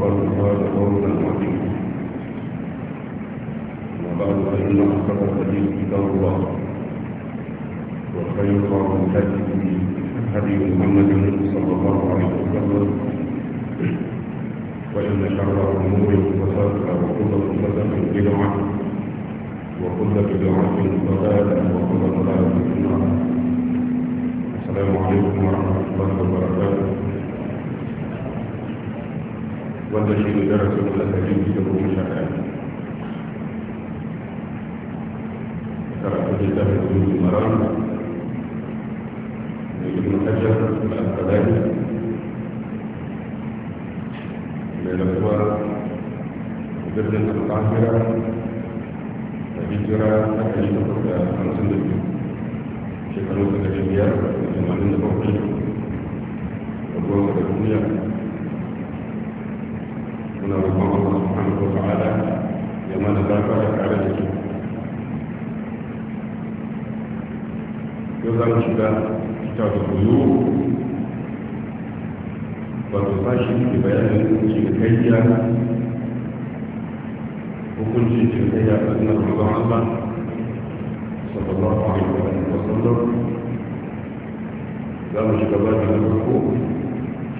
فقد فاز فوزا عظيما وبعد فان اصدق الحديث كتاب الله وخير الهدي هدي محمد صلى الله عليه وسلم وان شر الامور محدثاتها وكل محدثه بدعه وكل بدعه ضلاله وكل ضلاله في النار السلام عليكم ورحمه الله وبركاته wanda shi ne darasin da ɗari da goma sha ɗaya karatu da ta fi zuwa maran da ibn hajar da al-qadari da lafuwa birnin al-qahira da hijira a ɗari da kuka hamsin da biyu shekaru da biyar da tamanin da bakwai da goma da duniya muna roƙon Allah subhanahu wa ta'ala ya mana gafara tare da su yau za mu shiga kitabul buyu wato sashi ke bayanin cinikayya hukuncin cinikayya a cikin roƙon Allah sallallahu alaihi wa sallam za mu shiga babu na farko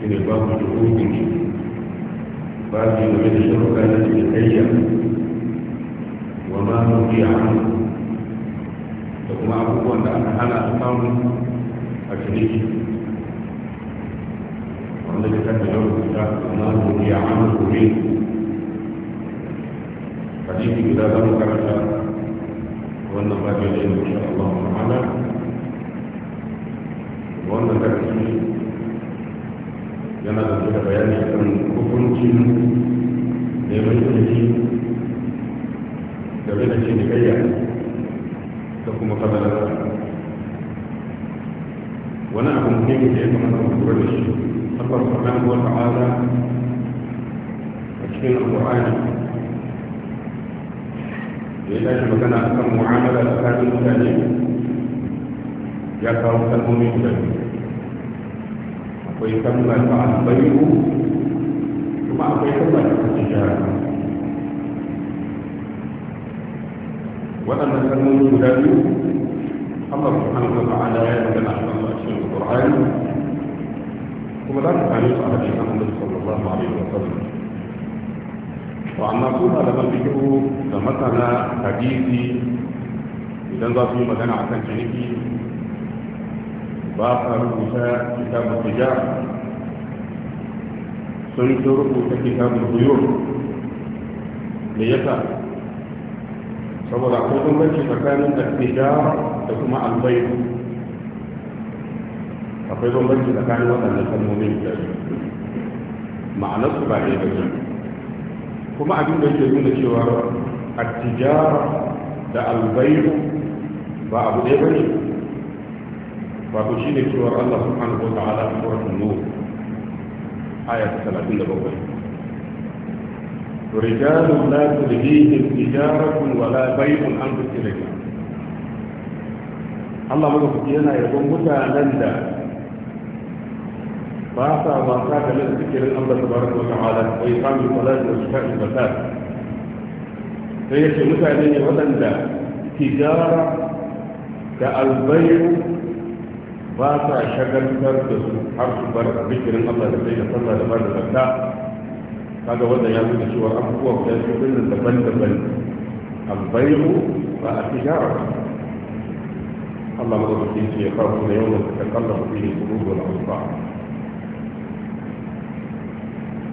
shi ne babu da hukunci babu game da sharuɗa na cinikayya wa ma nufi a da kuma abubuwan da aka hana a samu a ciniki wanda ya kan da yau rubuta wa ma a hannu kome hadisi guda mu yana da da bayani kan hukuncin neman ilimi game da cinikayya da kuma fadalar wani abu muhimmi da ya kamata mu lura da shi Allah subhanahu wa ta'ala a cikin alqur'ani da ya tashi magana akan mu'amala tsakanin mutane ya kawo kalmomi guda akwai kalmar ba ku kuma akwai kalmar da kuke jara waɗannan kalmomi guda biyu Allah subhanahu wa ta'ala ya yi da magana a cikin Qur'ani kuma za ka same su a hadisin Annabi sallallahu alaihi wa sallam to amma su malaman fiqh da masana hadisi idan za su yi magana akan ciniki ba a rubuta kitabun tijara sun yi rubuta kitabun buyur da yasa saboda akwai bambanci tsakanin da tijara da kuma albayu akwai bambanci tsakanin waɗannan kalmomin da ma'anar su ba ɗaya ba ne kuma abin da yake nuna cewa attijara da albayu ba abu ɗaya ba ne wato shi ne الله سبحانه وتعالى في سورة النور آية nur aya رجال لا تلهيهم تجارة ولا بيع عن ذكر الله الله يقول لنا يقول متى لندى بعث أضافات من ذكر الأمر تبارك وتعالى ويقام الصلاة وزكاة الفتاة فيش متى لندى تجارة كالبيع ba sa shagaltar da su har su bar zikirin Allah da sai da sallah da bar da zakka kaga wanda ya nuna cewa abubuwa guda su dinnan daban-daban albayu ba a tijara Allah madaukakin ce ya kawo da yawan da kallon fi kulubu na alfa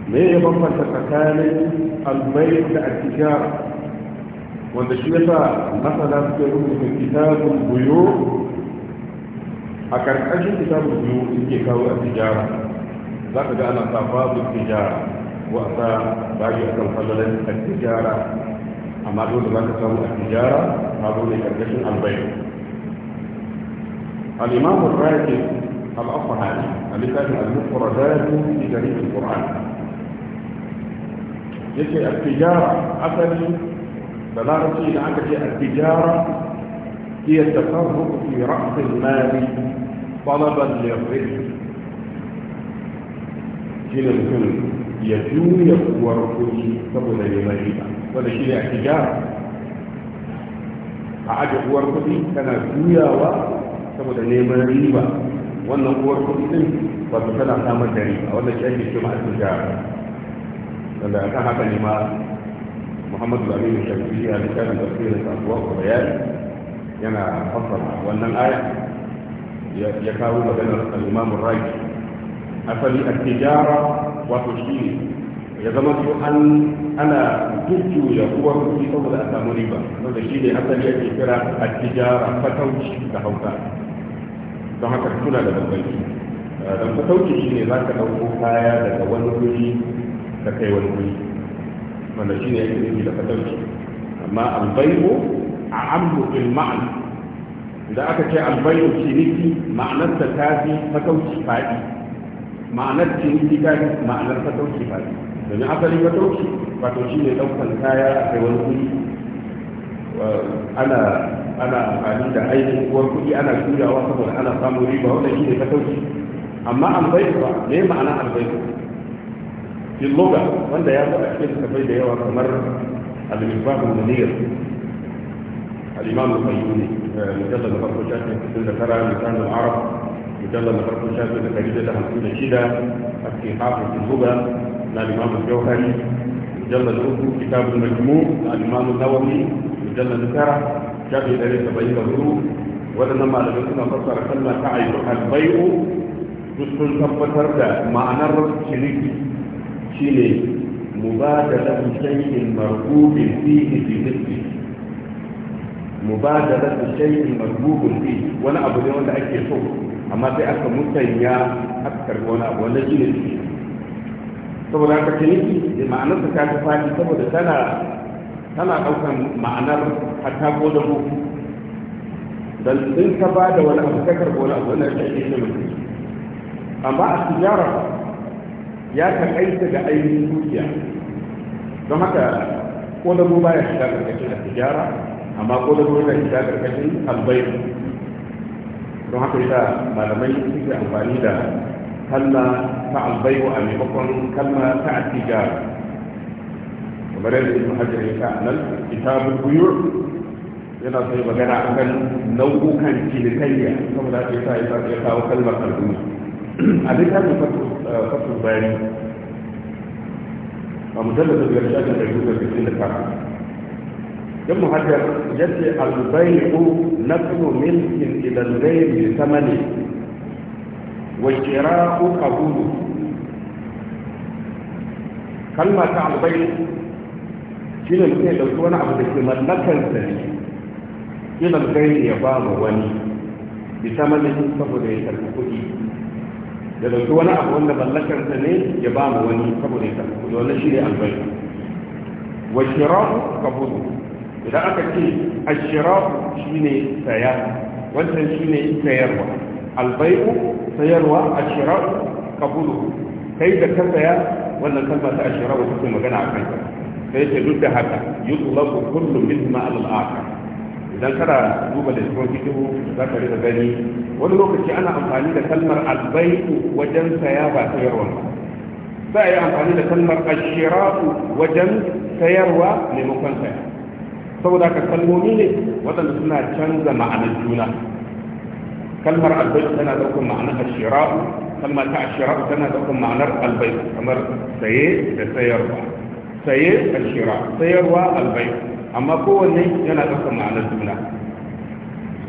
me ya bambanta tsakanin albayu da tijara wanda shi yasa masana suke rubuta kitabul buyu a karkashin kitabu biyu suke kawo a tijara za ka ga ana sa babu tijara wa a sa bayi a kan falalar a tijara amma dole za ka samu a tijara ta zo ne karkashin albayin الإمام الراكب ya zuwa المفردات في da القرآن yake attijara asali da larabci da aka ce tijara هي التفرغ في رأس المال طلبا للرزق جيل الكل يجوي ورقوش قبل المجيئة ولكن اعتجار عاد قوار قدي كان جويا و قبل المجيئة ما قوار قدي دي فتسنع سامة جريء وانا شايف الشمع التجار لما كان حقا محمد الأمين الشمسي كان تفكير الأسواق وبيان yana fassara wannan aya ya kawo maganar al-imam raji asali at-tijara wato shi ya zama su an ana jujjuya uwar kuɗi saboda a samu riba saboda shi ne asali ake kira at-tijara fatauci da hausa don haka suna da bambanci don fatauci shi ne za ka ɗauko kaya daga wani wuri ka kai wani wuri wanda shi ne yake nufi da fatauci amma albaibo a amru bil da aka ce albayu ciniki ma'anar ta tafi fatauci fadi ma'anar ciniki tafi ma'anar fatauci fadi domin asalin fatauci wato shi ne ɗaukan kaya a kai wani kuɗi. ana ana amfani da aikin uwar kuɗi ana juyawa saboda ana samun riba wanda shi ne fatauci amma albayu ba me ma'ana albayu fil lugha wanda ya zo a cikin tafai da yawa kamar al-ibadu munir الإمام القيوني آه، مجلة نفر الشافعي في سنة ترى لسان العرب مجلد نفر الشافعي في كريدة حمسون الشدة في حافظ الهدى الإمام الجوهري مجلة الأردو كتاب المجموع الإمام النووي مجلد نفر شافعي دليل تبعين الظروف ولنما لبسنا فصر كلمة تعي بحال بيء تسكن كفة تردى معنى الرسل شريك شيني مبادلة شيء مرغوب فيه في مثله mubadarar da shayin margubun fi wani abu ne wanda ake so amma sai aka musanya aka karbi wani abu wanda shi ne saboda haka ciniki ma'anar ta ta fadi saboda tana tana ɗaukan ma'anar hatta ko da ku dan in ka ba da wani abu ka karbi wani abu ke shi ne amma a tijara ya takaita ga ainihin dukiya don haka ko da mu baya shiga ƙarƙashin a tijara amma ko da gona shiga karkashin albai don haka yasa malamai suke amfani da kalma ta albai a maimakon kalma ta atijar kamar yadda ibn hajar ya sa nan kitabul buyur yana sai magana akan nau'ukan cinikayya saboda haka yasa ya kawo kalmar al'umma a littafin fasul bayani a mujallar da biyar shafin da yuzu da da kafa ibn hajar yace al-bai'u naqlu milkin ila al-ghayr bi thamani wa shira'u qabulu kalma ta al-bai' shine mutum da wani abu da ke mallakar sa ne ila al-ghayr ya ba mu wani bi thamani saboda ya karbi kuɗi da dauki wani abu wanda mallakar sa ne ya ba mu wani saboda ya karbi kuɗi wannan shine al-bai' wa shira'u qabulu idan aka ce ashirafu shine saya shi ne sayarwa albai'u sayarwa ashirafu kabulu kai da ka saya wannan kalmar ta ashirafu take magana a akan sai ce duk da haka yutlabu kullu mithma al-akhar idan kana duba da cikin fikihu za ka rika gani wani lokaci ana amfani da kalmar albai'u wajen saya ba sayarwa ba za a yi amfani da kalmar ashirafu wajen sayarwa maimakon saya saboda ka kalmomi ne waɗanda suna canza ma'anar juna kalmar albayt tana ɗaukar ma'anar ashira'u kalmar ta ashira'u tana ɗaukar ma'anar albayt kamar saye da sayarwa saye ashira sayarwa albayt amma kowanne yana ɗaukar ma'anar juna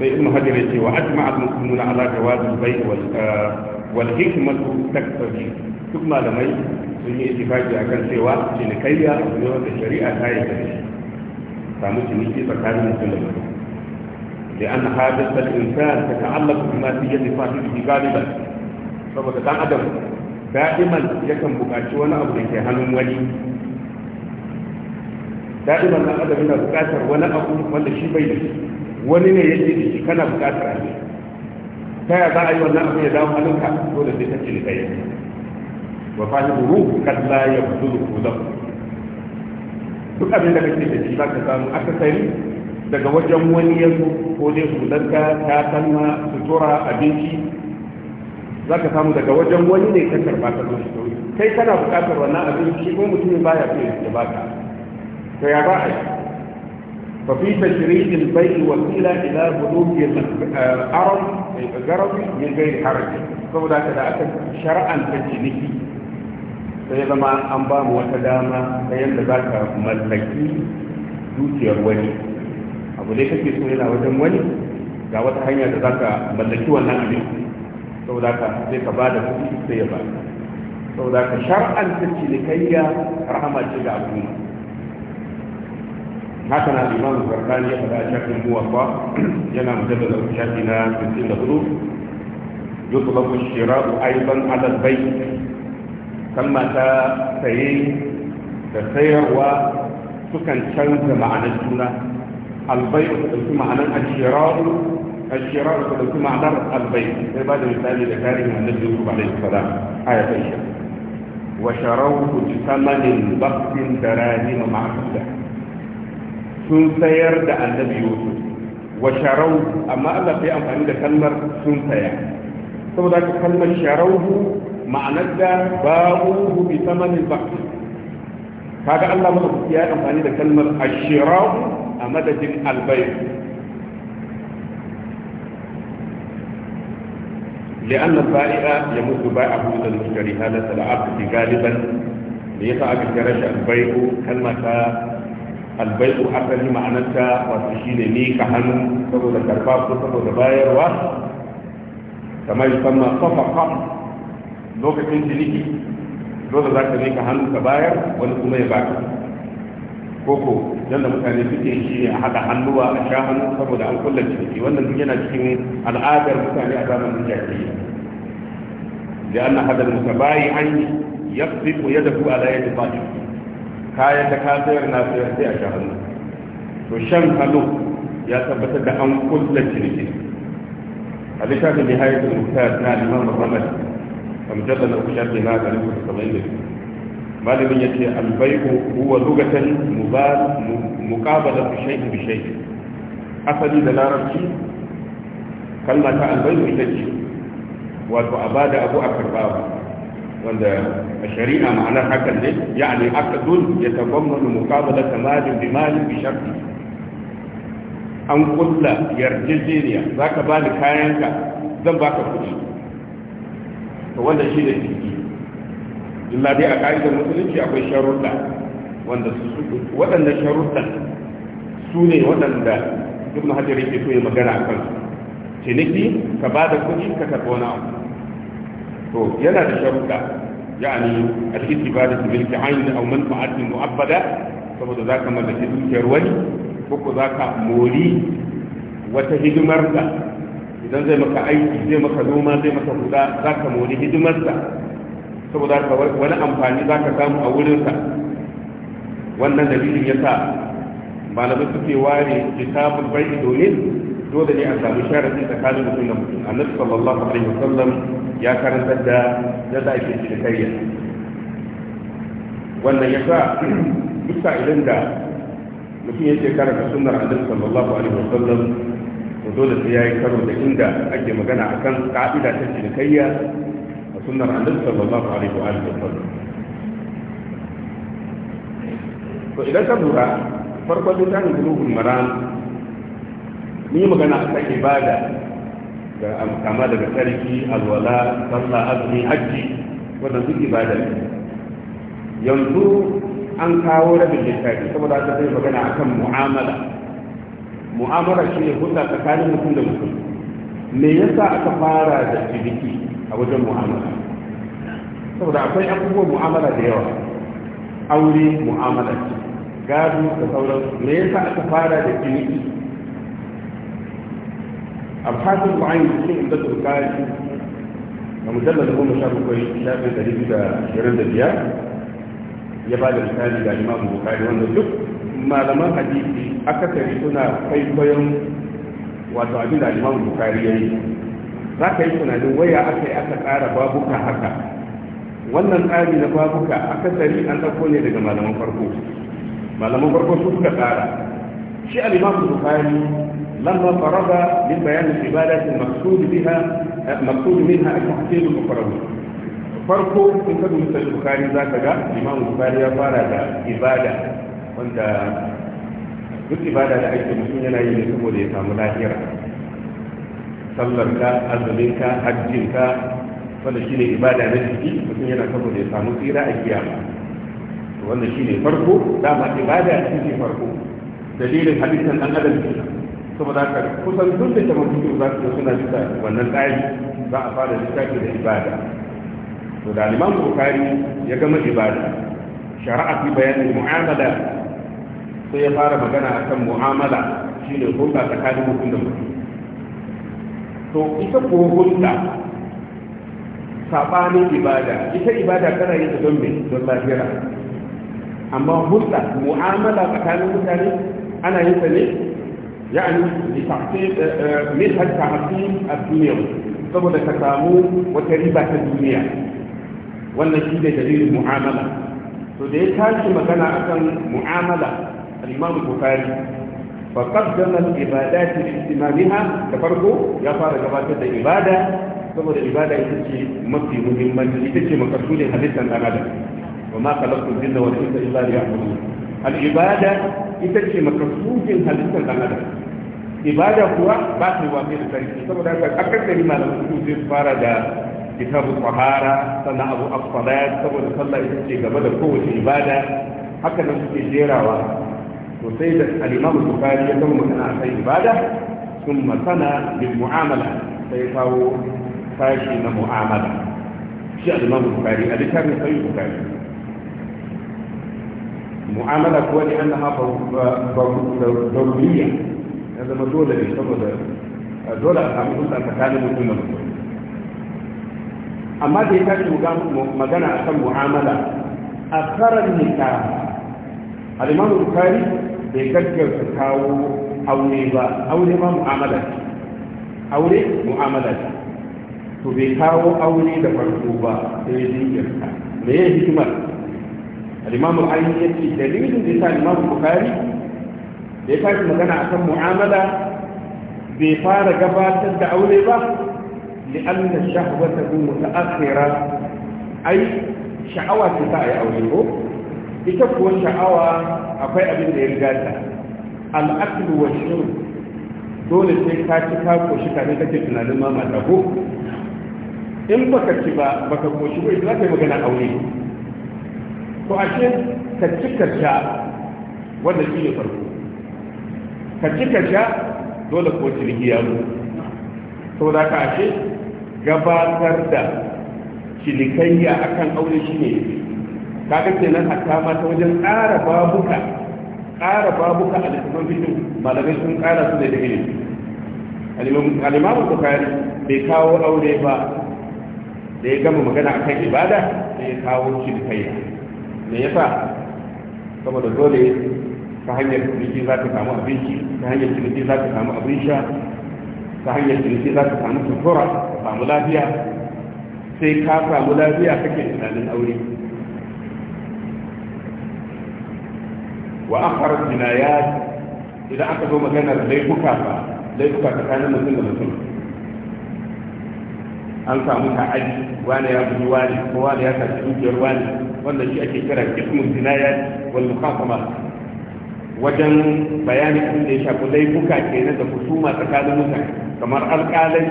sai ibn hajar ya ce wa ajma'a al-muslimuna ala jawaz al-bayt wal eh, wal hikmatu taktabi duk malamai sun yi ittifaqi akan cewa cinikayya ne wanda shari'a ta yi da shi samu ciniki tsakanin mutum da mutum ta ta'allaka الإنسان تتعلق بما في يد صاحبه غالبا saboda dan adam da'iman yakan buƙaci wani abu da ke hannun wani da'iman dan adam yana buƙatar wani abu wanda shi bai da shi wani ne yake da shi kana buƙatar a shi ta ya za a yi wannan abu ya dawo hannunka dole sai ta ce da kai wa fahimu ruhu kan la yabdulu lahu duk abin da kake da shi za ka samu akasari daga wajen wani ya ko dai hulanka su sutura abinci za ka samu daga wajen wani ne ka karba ta zuwa shi kai kana buƙatar wannan abin shi ko mutumin fiye da ya ka to ya ba a yi fa fi tashri'il bai'i wasila ila bulugi eh, al-arab ay eh, garabi min ghairi haraj saboda da aka shar'an ta ciniki sai zama an ba mu wata dama ta yadda za ka mallaki dukiyar wani abu ne kake so yana wajen wani ga wata hanya da za ka mallaki wannan sau saboda ka sai ka ba da kuɗi sai ya ba sau saboda ka shar'anta cinikayya rahama ce ga al'umma haka na imamu zarkani ya faɗa a shafin muwafa yana mujallar shafi na 64 yusufu shira'u aiban alal bai kalma ta saye da sayarwa sukan canza ma'anar juna albai ta ɗauki ma'anar ashira'u ashira'u ta ɗauki ma'anar albai sai ba da misali da tarihin annabi yusuf alaihi salam aya ta isha wa sharawtu bi thamanin baqtin darahim ma'quda sun sayar da annabi yusuf wa sharawtu amma Allah bai amfani da kalmar sun saya saboda kalmar sharawtu ma'anar da ba'uhu bi samanin ba kaga Allah madaukaki ya amfani da kalmar ashira'u a madadin albayu لأن البائع يمد بائعه إلى المشتري هذا العقد غالبا ليسعى بالجرش البيع كلمة البيع أصلي معناتها وتشيل نيك هنو تقول كرباب تقول باير و كما يسمى صفقة lokacin ciniki dole za ka mika hannu ka bayar wani kuma ya baka koko yadda mutane suke shi a haɗa hannuwa a sha hannu saboda an kulla ciniki wannan duk yana cikin al'adar mutane a zamanin jahiliya da an hada mutabayi an yaqtifu yadahu ala yadi fadi kayan da ka sayar na sayar sai a sha hannu to shan hannu ya tabbatar da an kulla ciniki a littafin nihayatul muktar na liman muhammad a mujallar na uku sharti na ɗari uku saba'in da biyu malamin ya ce albai'u huwa lugatan muqabala bi shay'in bi shay asali da larabci kalma ta albai'u ita ce wato abada abu a karba wanda a shari'a ma'anar hakan ne ya'ani aqdun yatabammanu muqabalata malin bi malin bi sharti an kulla yarjejeniya za ka ba ni kayanka zan ba ka kuɗi to wannan shi da jiki, illa dai a ka'idar musulunci akwai sharuɗa wanda su waɗanda sharuɗa su ne waɗanda na hajar ke so ya magana a kansu ciniki ka ba da kuɗi ka karɓi wani abu to yana da sharuɗa da al-ittibadu bil ki'ain auman manfa'atin mu'abbada saboda za ka mallaki dukiyar wani ko za ka mori wata hidimar da idan zai maka aiki zai maka noma zai maka huda za ka mori hidimarsa saboda ka wani amfani za ka samu a wurinsa wannan dalilin ya sa malamai suke ware kitabun bai domin dole ne a samu sharadin tsakanin mutum da mutum annabi sallallahu alaihi wasallam ya karanta da yadda ake karya. wannan ya sa duk sa'ilin da mutum yake karanta sunnar annabi sallallahu alaihi wasallam to dole sai ya yi karo da inda ake magana akan ka'ida ta cinikayya a sunnar annabi sallallahu alaihi wa alihi wasallam to idan ka lura farkon littafin bulughul maran ni magana akan ibada da kama daga sarki alwala sallah azumi hajji wannan duk ibada ne yanzu an kawo rabin littafi saboda ta zai magana akan mu'amala mu'amala shi ne hulɗa tsakanin mutum da mutum me yasa aka fara da ciniki a wajen mu'amala saboda akwai abubuwan mu'amala da yawa aure mu'amala ce gado da sauran me yasa aka fara da ciniki abhasin mu'ayin cikin inda turkari a mujallar goma sha bakwai shafin ɗari da ashirin da biyar ya ba da misali ga imamu bukari wanda duk malaman hadisi akasari suna kwaikwayon wato abin da liman bukari ya yi za ka yi tunanin waya aka yi aka tsara babuka haka wannan tsari na babuka akasari an ɗauko ne daga malaman farko malaman farko su suka tsara shi alimamu bukari lamma faraba min bayanin ibadatin maqsud biha maqsud minha at-tahsil al-ukhrawi farko in ka dubi sai bukari zaka ga imamu bukari ya fara da ibada wanda duk ibada da ake mutum yana yi ne saboda ya samu lahira sallar ka azumin ka hajjin ka wanda shine ibada na jiki mutum yana saboda ya samu tsira a kiyama wanda shine farko dama ibada shine farko dalilin hadisin dan adam kenan saboda haka kusan duk da jama'a cikin za su suna bisa wannan tsari za a fara littafi da ibada to da liman bukari ya gama ibada shari'a fi bayanin mu'amala sai ya fara magana a kan mu'amala shi ne hulɗa tsakanin mutum da mutum to ita ko hulɗa saɓanin ibada ita ibada kana yin ta don me don lafiya amma hulɗa mu'amala tsakanin mutane ana yin ta ne ya'ani li ta'til eh, eh, min hatta ta'til ad duniya saboda ka samu wata riba ta duniya wannan shi ne dalilin mu'amala to da ya tashi magana akan mu'amala الإمام البخاري فقدم العبادات لإتمامها تفرقوا يا صار جبادة الإبادة ثم الإبادة يتجي مكي مهمة يتجي مكسولي حديثا عن هذا وما خلقت الجن والإنس إلا ليعبدون الإبادة يتجي مكسولي حديثا عن هذا إبادة هو باقي وامير التاريخ ثم ذلك أكثر مما لم تكون في الصفارة كتاب الطهارة صنع أبو الصلاة ثم صلى يتجي جبادة قوة الإبادة حتى نمسك الجيرة وسيد الإمام البخاري يقوم بناء في عبادة ثم سنة بالمعاملة سيفاو فاشي المعاملة شيء الإمام البخاري أذكر في البخاري معاملة هو لأنها ضرورية هذا ما دولة يشتغل دولة أمام أنت تكالب كل من أما دي كانت مجانا أسمى معاملة أكثر النكاح al-imamu bukari bai gaggarsa kawo aure ba aure ma mu'amala aure mu'amala to bai kawo aure da farko ba sai jinkirta me ya hikimar al-imamu ya ce dalilin da yasa al-imamu bukari da ya tashi magana akan mu'amala bai fara gabatar da aure ba لأن Ai sha'awa أي ta yi aure ko. ita kuwa sha'awa akwai abin da ya riga ta al'aklu wa shurb dole sai ka ci ka koshi kafin kake tunanin ma mata ko in baka ci ba baka koshi ba za ka yi magana aure to ashe ka ci ka sha wanda shi ne farko ka ci ka sha dole ko ciniki ya zo da ka ashe gabatar da cinikayya akan aure shi ne kaga kenan hatta ma ta wajen ƙara babuka ƙara babuka a littafin fikin malamai sun ƙara su da ilimi alimamu bukari bai kawo aure ba da ya gama magana a kan ibada da ya kawo kai me yasa saboda dole ta hanyar ciniki za ka samu abinci ta hanyar ciniki za ka samu abin sha ta hanyar ciniki za ka samu sutura ka samu lafiya sai ka samu lafiya kake tunanin aure wa akhar jinayat idan aka zo da laifuka ba laifuka tsakanin mutum da mutum an samu ta'adi wani ya guji wani ko wani ya saci dukiyar wani wanda shi ake kira ismu jinayat wal mukhasama wajen bayanin abin da ya shafi laifuka kenan da kusuma tsakanin mutane kamar alƙalai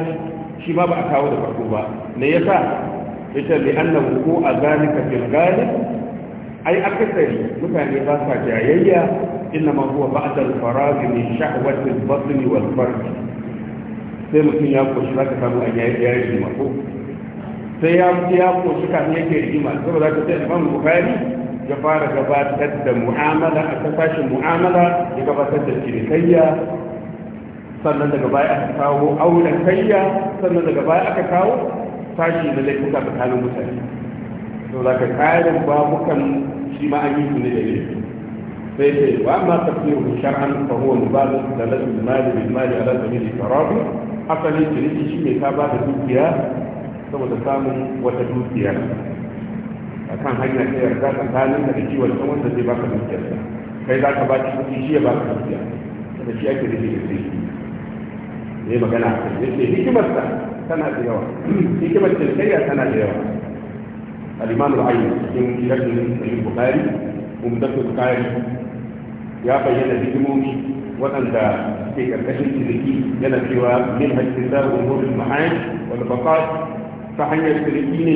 shi ma ba a kawo da farko ba me yasa ita li annahu ko a zalika fil ghalib أي أكثر مثلا إذا فجاية إنما هو بعد الفراغ من شهوة البطن والفرج سيما كي يأكل شراكة فهو أن يأكل شراكة سيما كي يأكل شراكة فهو أن يأكل شراكة سيما كي يأكل شراكة البخاري جبارة جبارة تدى معاملة أتفاش معاملة جبارة تدى الشركية sannan daga gaba aka kawo auren kayya sannan daga gaba aka kawo sashi da laifuka tsakanin mutane to da ka kayan babukan shi ma an yi su ne da ne sai ce wa ma tafsiru shar'an fa huwa mubalagh dalal mali bil mali ala sabil al-qarab asali ciniki shi ne ka ba da dukiya saboda samun wata dukiya a kan hanya ta yarda tsakanin da shi wanda wanda zai baka dukiya kai za ka ba shi kuɗi shi ya baka dukiya da shi ake rike da shi ne magana a kai yake hikimarsa tana da yawa hikimar cinikayya tana da yawa الإمام العين من شكل البخاري ومن دفن البخاري يا فجنة بجموش وأن دا تيك الكشف تلكي جنة سوى منها السلاء ومور المحاج والبقات فحن يتلكيني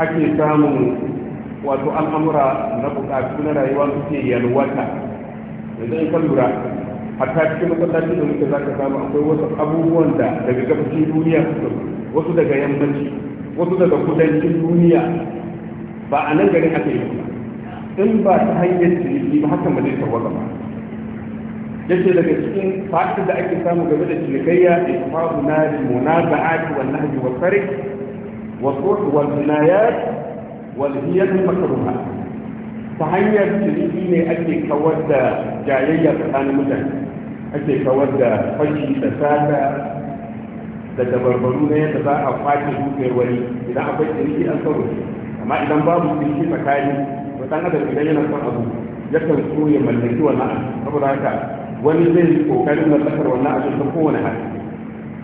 أكي سامو وأتو الأمر نبقى كنا رأيوان في ينواتا إذا يقول لنا حتى كما قلت لك أنك ذاك سامو أبو وانتا لك تبسي دوليا وصدق يمنشي wasu daga kudancin duniya ba a nan garin aka yi ba in ba ta hanyar ciniki ba haka ba zai tarwata ba yake daga cikin fa'idar da ake samu game da cinikayya ifa'u na munaza'at wal nahyi wal sarq wa sulh wal jinayat wal hiyat makruha ta hanyar ciniki ne ake kawar da jayayya tsakanin mutane ake kawar da fashi da sata تتبربرون يتباعوا فاتح مكير ولي إذا أبيت لي أنصره أما إذا بابوا في شيء فكاري وتنهد الإلينا فأبو يكتب سوية من نكتوى نعم أبو ذاك ونزل وكلمة بكر ونعش سكونها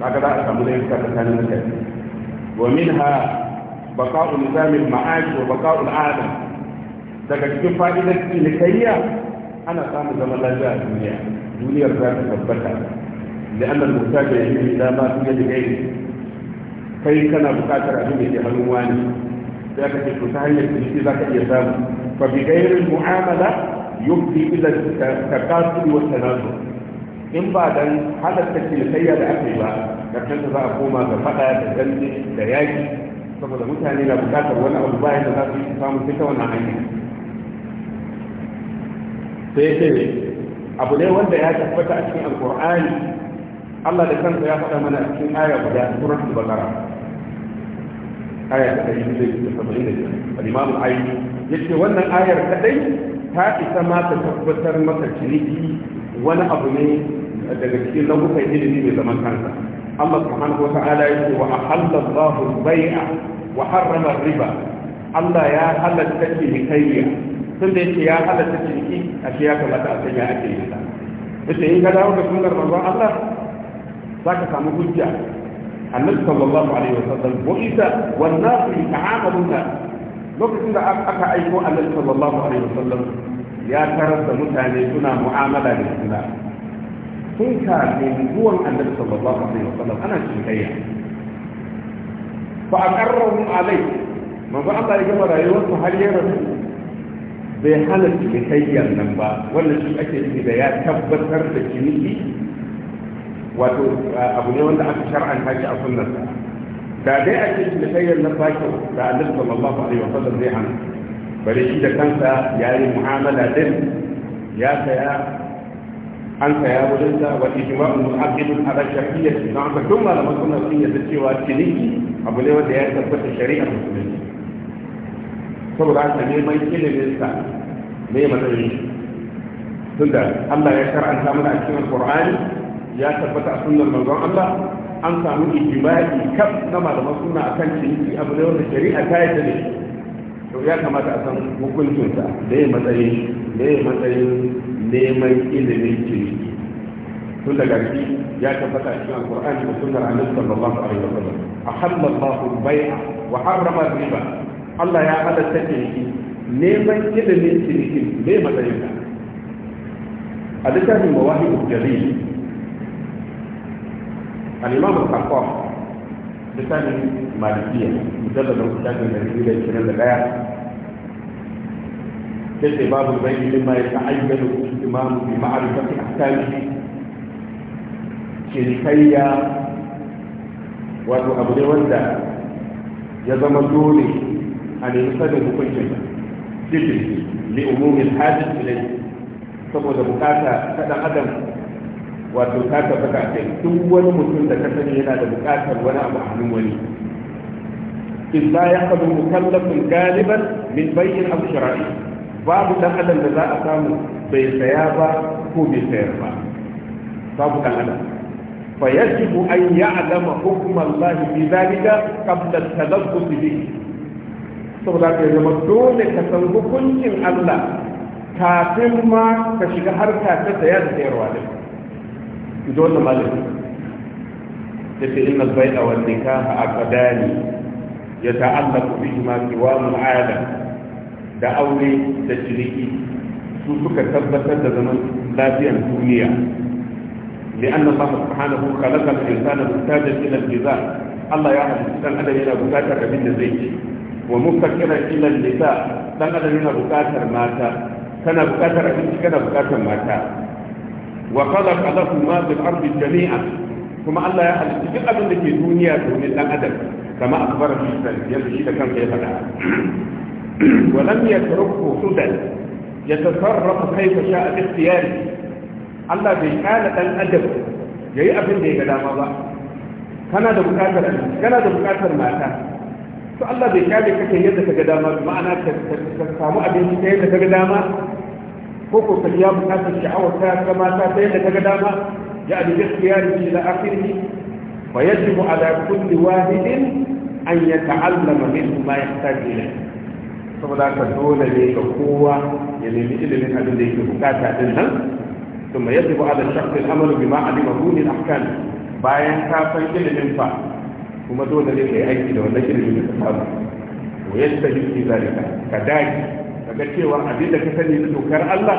فقد أسمى لي فكاري كان مكير ومنها بقاء نظام المعاش وبقاء العالم تكتب كيف فائدة لكيها أنا قام زمن لجاء الدنيا دنيا ذات مبتعة لأن المحتاج يجب إلى ما في يد غيره kai kana bukatar abin da ke hannun wani sai aka ce ta hanyar ciniki za ka iya samu fa bi gairin mu'amala yubdi ila takasul wa tanazul in ba dan halartar cinikayya da aka yi ba karshen za a koma ga faɗa da danne da yaki saboda mutane na bukatar wani abu bayan da za su yi samu sai ta wannan hanya sai ce abu ne wanda ya tabbata a cikin alkur'ani Allah da kansa ya faɗa mana a cikin aya guda suratul baqara aya ta ɗari biyu da saba'in da biyar al-imamu ya ce wannan ayar kadai ta isa ma ta tabbatar maka ciniki wani abu ne daga cikin nau'ukan ilimi mai zaman kansa Allah subhanahu wa ta'ala yace wa ahalla Allahu baia wa harrama riba Allah ya halatta cinikayya tun da yake ya halatta ciniki a ya kamata a sanya ake yi ta yace in ka dawo da sunar manzon Allah za ka samu hujja annabi sallallahu alaihi wasallam wa isa wan nasu yata'amaluna lokacin da aka aiko annabi sallallahu alaihi wasallam ya tarar da mutane suna mu'amala da juna tun kafin zuwan annabi sallallahu alaihi wasallam ana cinikayya fa aqarrahu alai manzo Allah ya gama rayuwarsa har ya rasu bai hana cinikayyar nan ba wannan shi ake nufi da ya tabbatar da ciniki wato abu ne wanda aka shar'anta shi a sunnarsa da dai a ce cinikayyar na bakin da annabi sallallahu alaihi wasallam zai hana bari shi da kansa ya yi mu'amala din ya saya an saya wajen sa wa ijma'ul mu'aqqidun ala shar'iyyati don haka duk malaman sunna sun yarda cewa ciniki abu ne wanda ya tabbata shari'a musulunci saboda haka neman ilimin sa ne matsayin tunda Allah ya shar'anta mana a cikin Qur'ani ya tabbata a sunnar manzon Allah an samu ijma'i kan na malaman sunna akan ciniki abu ne wanda shari'a ta yi ne to ya kamata a san hukuncinsa da ya matsayi da ya matsayin neman ilimin ciniki tun daga shi ya tabbata a cikin alqur'ani da sunnar annabi sallallahu alaihi wasallam ahalla Allahu al-bai'a wa harrama riba Allah ya halatta ciniki neman ilimin cinikin ne matsayin ka a littafin mawahi jalil الإمام الخطاب بسبب مالكية مجلد كتاب من إلى الشريعة الآية كيف باب البيت مما يتعين الاهتمام بمعرفة أحكامه شركية وأبو أبو وزع يزم دوني أن يسلم كل شيء لأموم الحاجة إليه saboda مكاتب كذا قدم wato ta tabbata kai duk wani mutum da ka sani yana da buƙatar wani abu a hannun wani in za la yaqdu mukallafun galiban min bayyin abu shar'i babu dan adam da za a samu bai saya ba ko bai sayar ba babu dan adam fa yajibu an ya'lama hukm Allah bi dhalika qabla at-talaffuz bihi saboda ka zama dole ka san hukuncin Allah kafin ma ka shiga harka ta saya da sayarwa din ita wannan malami ta ce inna ka wa nikaha aqdani ya ta'allaqu bihi ma qiwamul ada da aure da ciniki su suka tabbatar da zaman lafiyar duniya لأن الله سبحانه خلق الإنسان محتاجا إلى الغذاء الله يعلم أن أنا إلى بكاتر من الزيت ومفتكرا إلى النساء dan adam yana bukatar mata kana bukatar abinci kana bukatar mata وخلق له ما في الارض جميعا ثم قال لها الاتفاق اللي في الدنيا دون الادب كما اخبر في الثالث يلي شيء كان كيف دعا نعم. ولم يتركه سدى يتصرف كيف شاء باختياره قال لها في حالة الادب جاي افن دي كلام الله كان ده مكاثر كان ده مكاثر ما كان فالله بكالك كي يدك قدامك معنى تستعمو ابن كي قدامك ko ko ka ya bukatar sha'awar ta ta mata ta yadda ta ga dama ya abi gaskiya da shi da akhiri fa yajibu ala kulli wahidin an yata'allama minhu ma yahtaji ilayhi saboda ka dole ne ga kowa ya nemi ilimin abin da yake bukata din nan to ثم يجب على الشخص العمل بما علمه من احكام bayan ka san ilimin fa kuma dole ne kai aiki da wannan ilimin da ka samu to yadda yake zalika ka dage ga cewa abin da ka sani na dokar Allah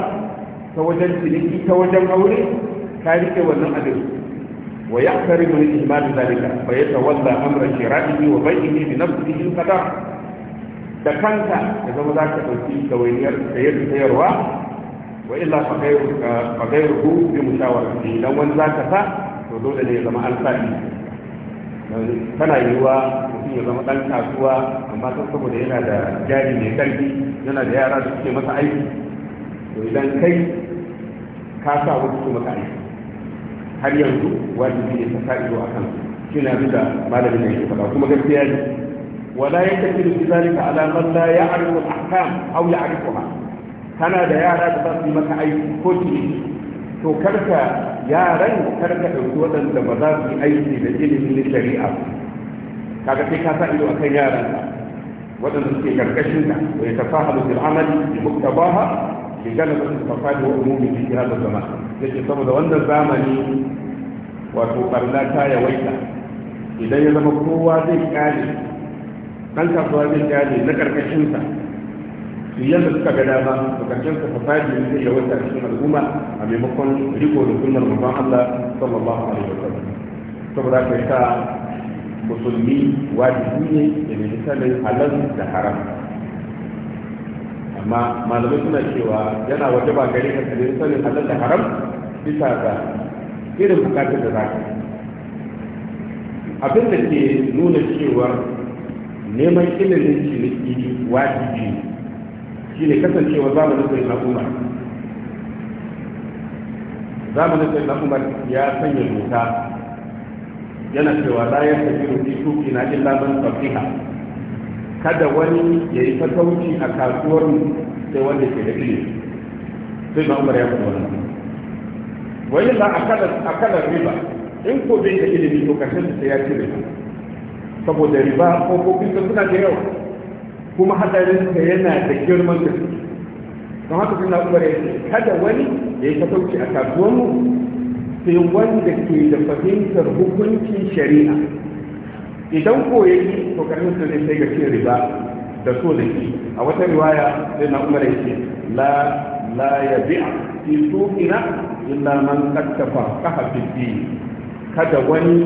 ta wajen ciniki ta wajen aure ka rike wannan abin wa ya kare mun iman zalika fa ya tawalla amra shira'ihi wa bai'ihi bi nafsihi in qada da kanka da zama za ka dauki da sayar da yadda sayarwa wa illa fa ghayru fa ghayruhu bi mushawarati dan wani za ka sa to dole ne ya zama alfani tana yiwuwa mutum ya zama ɗan kasuwa amma sun saboda yana da jari mai ƙarfi yana da yara da suke masa aiki to idan kai ka sa wasu su maka aiki har yanzu wajibi ne ta sa ido a kan shi na da malamin da ya faɗa kuma gaskiya ne wala ya tafi da ka ala man la ya'rifu al-ahkam aw ya'rifuha kana da yara da za su yi maka aiki ko ciniki to karka yaran karka ɗauki waɗanda ba za su yi aiki da ilimin shari'a kaga sai ka sa ido a kan yaran waɗanda suke karkashin ka wa ya tafa a lokacin amali bi muktabaha bi da tafadi wa umumi bi da zaman yake saboda wannan zamani wato barna ta yawaita idan ya zama kowa zai kyale ɗan kasuwa zai kyale na karkashin sa su yadda suka ga dama bukatun ka fasadi ne da wata a cikin al'umma a maimakon riko da sunnar manzon Allah sallallahu alaihi wasallam saboda kai ta musulmi wajibi ne da ne misalin halal da haram amma malamai suna cewa yana waje ba gare ka sanin misalin halal da haram bisa ga irin bukatun da za ka abin da ke nuna cewa neman ilimin ciniki wajibi ne Shi ne kasancewa zamanin sai na umar zamanin sai na umar ya sanya doka yana cewa la ya tafi fi shuki na illa man safiha kada wani ya yi fasauci a kasuwar sai wanda ke da ilimi sai na umar ya fi wannan wani la akalar riba in ko bai da ilimi lokacin da sai ya ce riba saboda riba ko ko bisa suna da yawa kuma hadarinsa yana da girman da don haka suna kware kada wani ya yi kasauci a kasuwanmu sai wanda ke da fahimtar hukuncin shari'a idan ko ya yi to karfin sai ga cin riba da so da shi a wata riwaya sai na umar ya ce la la ya a fi ina illa man qad tafaqaha fi kada wani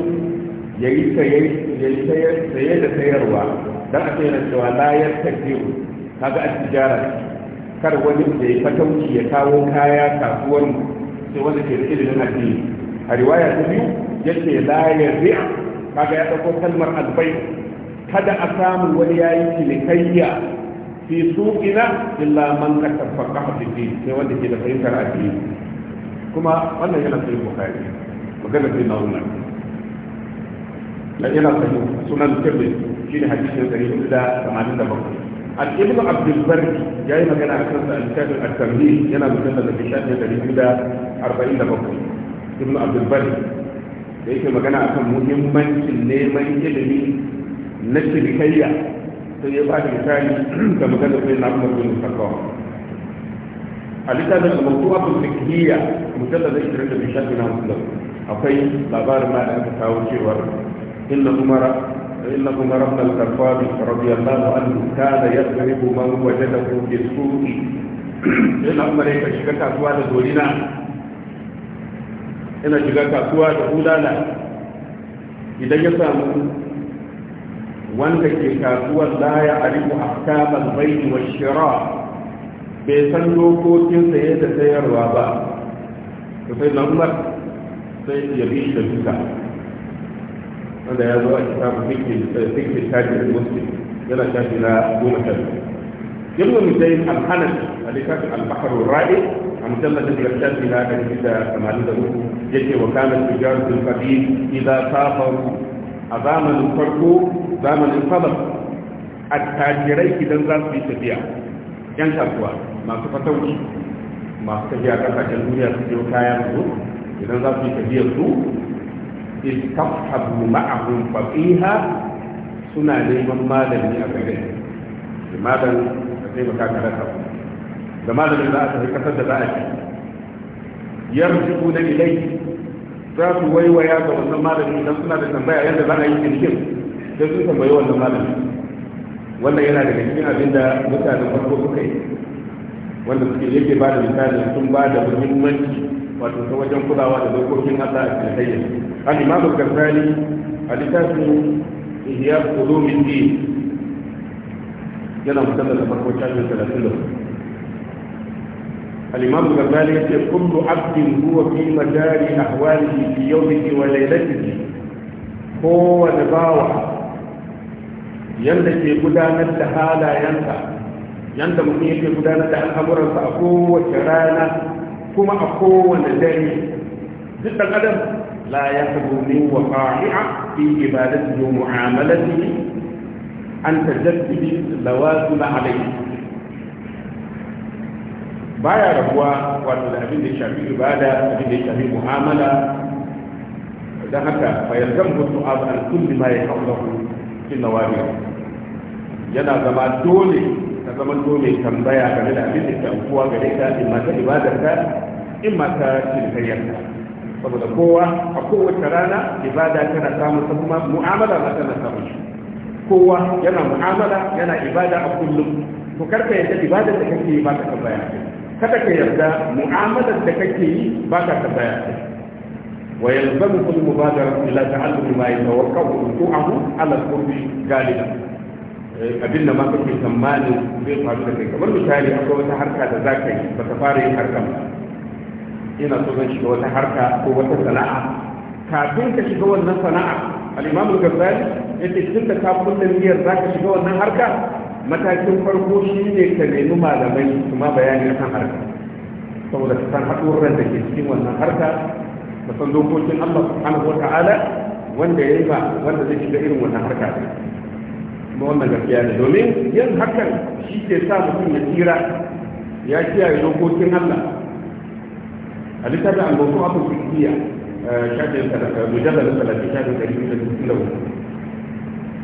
ya yi sayar da sayarwa dan a ce cewa la yastakiru kaga a tijara kar wani da ya fatauci ya kawo kaya kasuwar sai wanda ke da ilimin addini a riwaya ta biyu yace la yazi kaga ya dauko kalmar albai kada a samu wani yayi cinikayya fi suqina illa man tafaqaha fi din sai wanda ke da fahimtar addini kuma wannan yana cikin bukhari magana sai na yana sunan tirmidhi shi ne hadisi da 387 الابن عبد البر جاي مكان أكثر الكتاب التمهيد ينا مجلد في شأن يدري 40 بقر ابن عبد البر جاي مكان أكثر مهما لمن يدري نشر كيا سيبقى مثال كما كان سيدنا عمر بن الخطاب الكتاب الموضوعة الفكرية مجلد يشترك في شأن يدري أقول لابار ما أنت تاوشي ور إن عمر فإنه رب الكفار رضي الله عنه كان يضرب من وجده بالسوق إن أمريك شكك أسواد دولنا ina shiga kasuwa da hulala idan ya samu wanda ke kasuwar laya a riku ahkamar baiti wa shira bai san dokokin saye da sayarwa ba sai na umar sai ya bi da wanda ya zo a kitabu fikir eh, tajir musu yana shafi na goma sha biyu ibn musayyib al-hanafi a littafin albaharu ra'i a mujallar da shafi na ɗari da tamanin da uku ce wa kana tijar bil qabil ta faru a zamanin farko zamanin a tajirai idan za su yi tafiya yan kasuwa masu fatauci masu tafiya kasashen duniya su je kayan su idan za su yi tafiyar su istafhabu ma'ahum faqiha suna neman malami a gare da malami da sai kare ka da malamin za a tafi kasar da za a ci yarjibu na ilai za su waiwaya ga wannan malami idan suna da tambaya yadda za a yi kirkin don sun tambayi wannan malami wannan yana daga cikin abin da mutanen farko suka yi wanda suke yake ba da misali sun ba da muhimmanci wato ta wajen kulawa da dokokin Allah a cikin الإمام الغزالي الكتاب إحياء علوم الدين yana musamman da farko shafin الإمام الغزالي يقول كل عبد هو في مجال أحواله في يومه وليلته هو نباوة يندك يقدان الدهالة ينسى yanda mutum yake gudanar da al'amuransa a kowace rana kuma a kowane dare duk adam لا يخلو من وقائع في عبادته ومعاملته أن تجدد اللوازم عليه baya rabuwa wato da abin da ya shafi ibada abin ya shafi mu'amala don haka fa yarjan mutu abu an yana zama dole ta zama dole tambaya game da abin da ke aukuwa gare ka in ma ta ibadar ka in ma ta cikin saboda kowa a kowace rana ibada tana samun sa kuma mu'amala ma tana samun shi kowa yana mu'amala yana ibada a kullum to karka yarda ibada da kake yi ba ka tambaya kada ka yarda mu'amalar da kake yi ba ka tambaya wa yalzamu kullu mubadara ila ta'allumi ma yatawaqqa'u tu'ahu ala al-qurbi galiban eh, abinda ma kake tsammanin zai faru da kai kamar misali akwai wata harka da zaka yi baka fara yin harkar ba ina so zan shiga wata harka ko wata sana'a kafin ka shiga wannan sana'a al-imam al-ghazali yace tun da ka kullum niyyar ka shiga wannan harka matakin farko shi ne ka nemi malamai su ma bayani akan harka saboda ka san haɗurran da ke cikin wannan harka ka san dokokin Allah subhanahu wata'ala wanda ya yi ba wanda zai shiga irin wannan harka kuma wannan gaskiya ne domin yin hakan shi ke sa mutum ya tsira ya kiyaye dokokin Allah a eh, da albosu abu fikiya shafin mujallar salafi shafin ɗari da cikin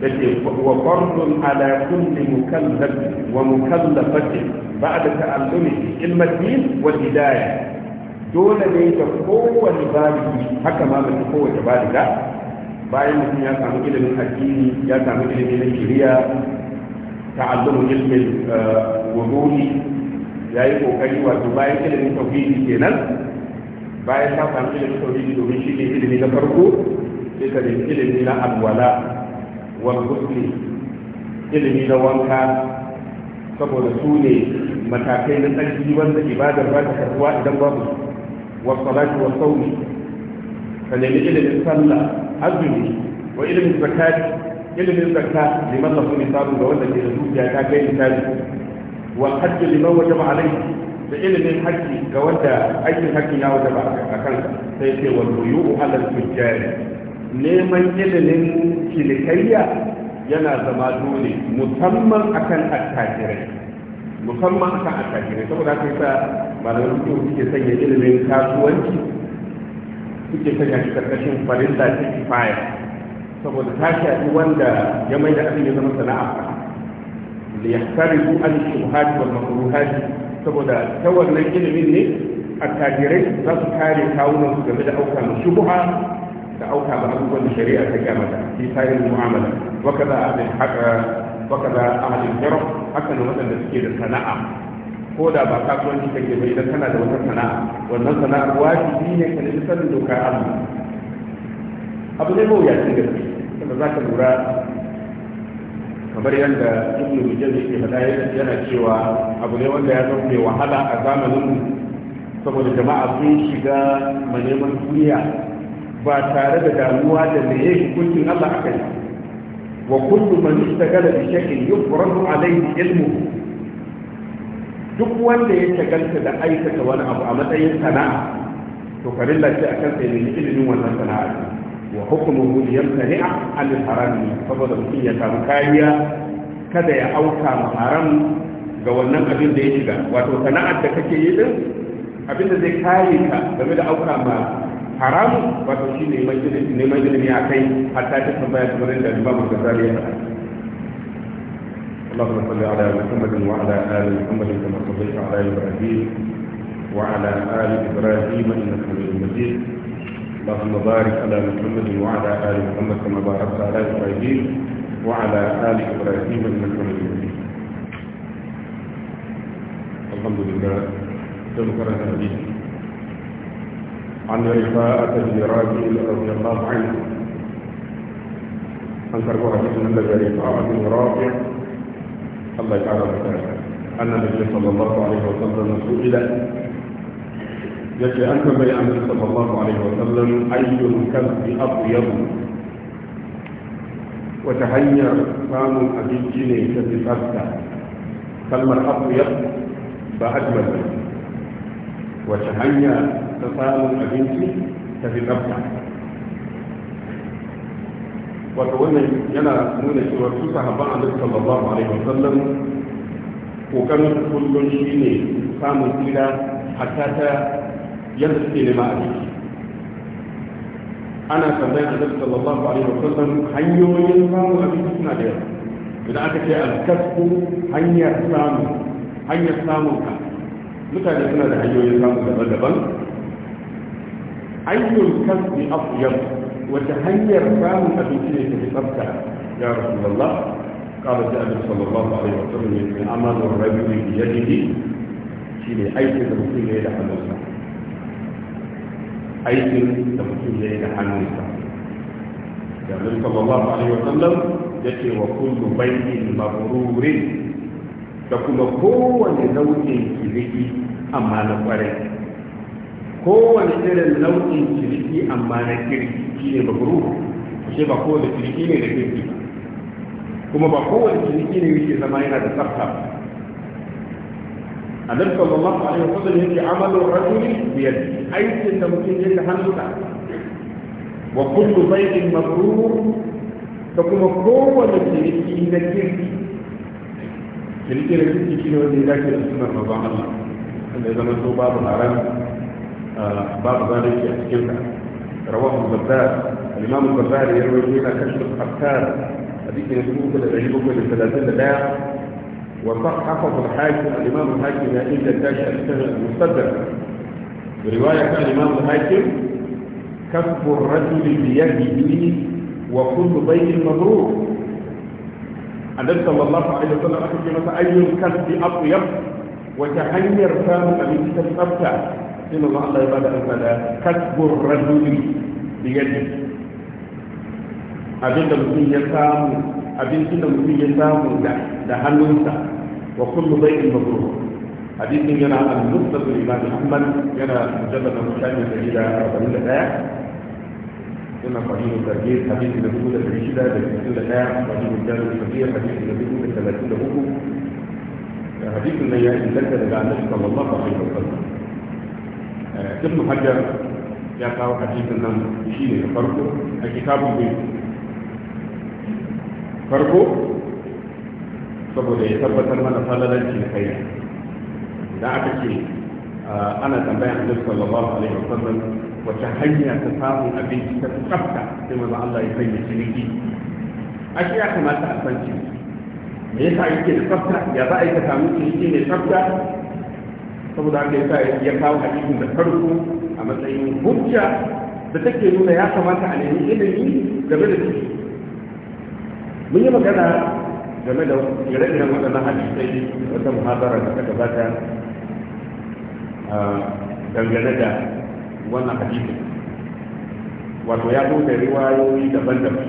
da da ke wa ƙwarzun ala kulli mukallaf wa mukallafati ba da ta'allumi ilmadin wa hidaya dole ne ga kowane baligi haka ma mace kowace baliga bayan mutum ya samu ilimin addini ya samu ilimin na shiriya ta'allumu ilmin eh, wudu'i ya yi kokari wato bayan ilimin tauhidi kenan bayan ta samu ilimin tauhidi domin shi ne ilimi na farko sai ka nemi ilimi na alwala wal ghusli ilimi na wanka saboda su ne matakai na tsarki wanda ibadar ba ta karbuwa idan babu wa salatu wa saumi ka nemi ilimin sallah azumi wa ilimin zakati ilimin zakka liman lahu nisabu ga wanda ke da zuciya ta kai misali wa hajji liman wajaba alaihi da ilimin haƙƙi ga wanda aikin haƙƙi ya wata ba a kan sai ce wa yuyu alal tujjari neman ilimin cinikayya yana zama dole musamman akan attajirai musamman akan attajirai saboda kai sa malamin suke suke sanya ilimin kasuwanci suke sanya shi karkashin da ta kifaya saboda ta shafi wanda ya mai da abin ya zama sana'a liyahtaribu an shubhat wal makruhat saboda ta wannan ilimin ne a attajirai za su kare kawunan su game da auka na shubha da auka da abubuwan da shari'a ta gama da fi sayin mu'amala wa kaza haka haqa wa kaza ahli jarh haka ne wadanda suke da sana'a ko da ba kasuwanci ke ba idan kana da wata sana'a wannan sana'ar wajibi ne ka nemi sanin doka abu abu ne mawuyacin gaske kuma za ka lura kamar yadda ibn rujal yake faɗa yana cewa abu ne wanda ya zama mai wahala a zamanin saboda jama'a sun shiga maneman duniya ba tare da damuwa da me yake hukuncin Allah akai wa kullu man istagala bi shay'in yufradu alayhi ilmu. duk wanda ya shagalta da aikata wani abu a matsayin sana'a to farilla ce a kansa ya nemi ilimin wannan sana'a wa hukumuhu a anil haram saboda mutum ya samu kariya kada ya auka ma haram ga wannan abin da ya shiga wato sana'ar da kake yi din abin da zai kare ka game da auka ma haram wato shi ne neman ilimi a kai har ta tambaya kamar da da gazali ya faɗa اللهم صل على محمد وعلى ال محمد كما صليت على ابراهيم وعلى ال ibrahim انك حميد مجيد اللهم بارك على محمد وعلى آل محمد كما باركت على إبراهيم وعلى آل إبراهيم إنك حميد مجيد الحمد لله تذكر الحديث عن رفاعة بن راجل رضي الله عنه أنكر حديث من رفاعة بن رافع الله تعالى وتعالى أن النبي صلى الله عليه وسلم سئل يجي أنت بيان صلى الله عليه وسلم أي الكذب أطيب وتهيا فام أبي الجنة تتفتى كلمة أطيب فأجمل وتهيا فام أبي الجنة تتفتى وتوانا ينا من سورتها بعد صلى الله عليه وسلم وكان كل شيء فام كلا حتى yadda suke nema a jiki ana tambayar annabi sallallahu alaihi wasallam hanyoyin samun abinci suna da yawa idan aka ce alkasku hanyar samu hanyar samun ka mutane suna da hanyoyin samun daban-daban ayyul kasbi afyal wata hanyar samun abinci ne take tsafta ya rasulullah قال النبي صلى الله عليه وسلم من عمل الرجل بيده شيء ايت المسلم الى حدثه aikin da mutum ya yi da hannunsa yanzu sallallahu alaihi wasallam ya ce wa kullu baitin mabrurin da kuma kowane nau'in ciniki amma na kwarai kowane irin nau'in ciniki amma na kirki shi ne mabrur ashe ba kowane ciniki ne da kirki kuma ba kowane ciniki ne yake zama yana da tsafta النبي صلى الله عليه وسلم يجي عمل الرجل بيده اي شيء انت ممكن يجي عمله وكل بيع مبرور تكون مبرور ولا تجي الى كيفي اللي كده في كده ولا لا كده في سنه رمضان اللي زمان هو باب الحرام آه، باب ذلك يحكمنا رواه البزار الامام البزار يروي لنا كشف الحكار هذيك نسموه كده غريبه كده الثلاثين لا وصححه الحاكم الإمام الحاكم إلا السنه المستدرك برواية الإمام الحاكم كف الرجل بيده وكل بيت مبرور النبي صلى الله عليه وسلم أخذ كلمه أي الكف أطيب وتحير فهم من تستمتع إن الله الله يبادى أنفلا كسب الرجل بيده abin da mutum ya samu abin da mutum ya samu da hannunsa وكل بيت مبرور حديث ينا المسند الإمام محمد ينا مجلد مشاهد إلى 40 لا إن قليل التركيز حديث النبي في لكن لكل آية قليل الجانب الكبير حديث النبي في 30 هو حديث النياء لك إلى النبي صلى الله عليه وسلم آه، ابن حجر يقع كاو حديث النم شيء فرقه الكتاب البيت فرقه saboda ya tabbatar mana falalar cinikayya da aka ce ana tambayan annabi sallallahu alaihi wasallam wace hanya ta samun abinci ta tsafta sai maza Allah ya sanya ciniki ashe ya kamata a san ciniki me yasa yake da tsafta ya za a yi ka samu ciniki ne tsafta saboda haka yasa ya kawo hadisin da farko a matsayin hujja da take nuna ya kamata a nemi ilimi game da ciki mun yi magana game da ire-iren waɗannan hadisai wata muhabara da ta gabata dangane da wannan hadisin wato ya zo da riwayoyi daban-daban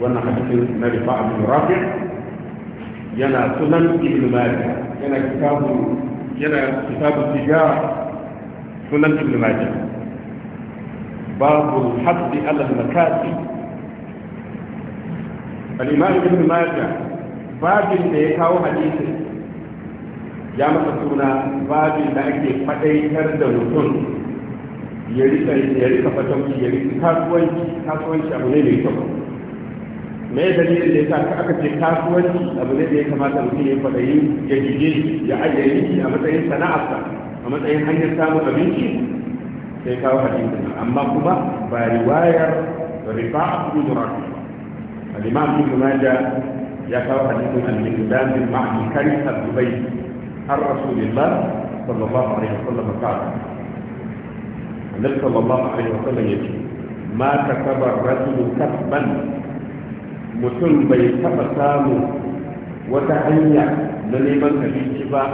wannan hadisin na rifa abu rafi yana sunan ibn majah yana kitabu yana kitabu tijara sunan ibn majah babu haddi ala makasi al'imam ibn majah babin da ya kawo hadisin ya masa suna babin da ake faɗaitar da mutum ya rika ya rika fatauci ya rika kasuwanci kasuwanci abu ne mai kyau me dalilin da yasa aka ce kasuwanci abu ne da ya kamata mutum ya faɗayi ya gige ya ajiye shi a matsayin sana'arsa a matsayin hanyar samun abinci sai kawo hadisin amma kuma ba riwayar rifa'a ibn rafi al-imam ibn majah ya kawo hadisin al-miqdam bin ma'di karim al-zubayr har rasulullah sallallahu alaihi wasallam qala annabi sallallahu alaihi wasallam yace ma kasaba rajulu mutum bai taɓa samu wata hanya na neman abinci ba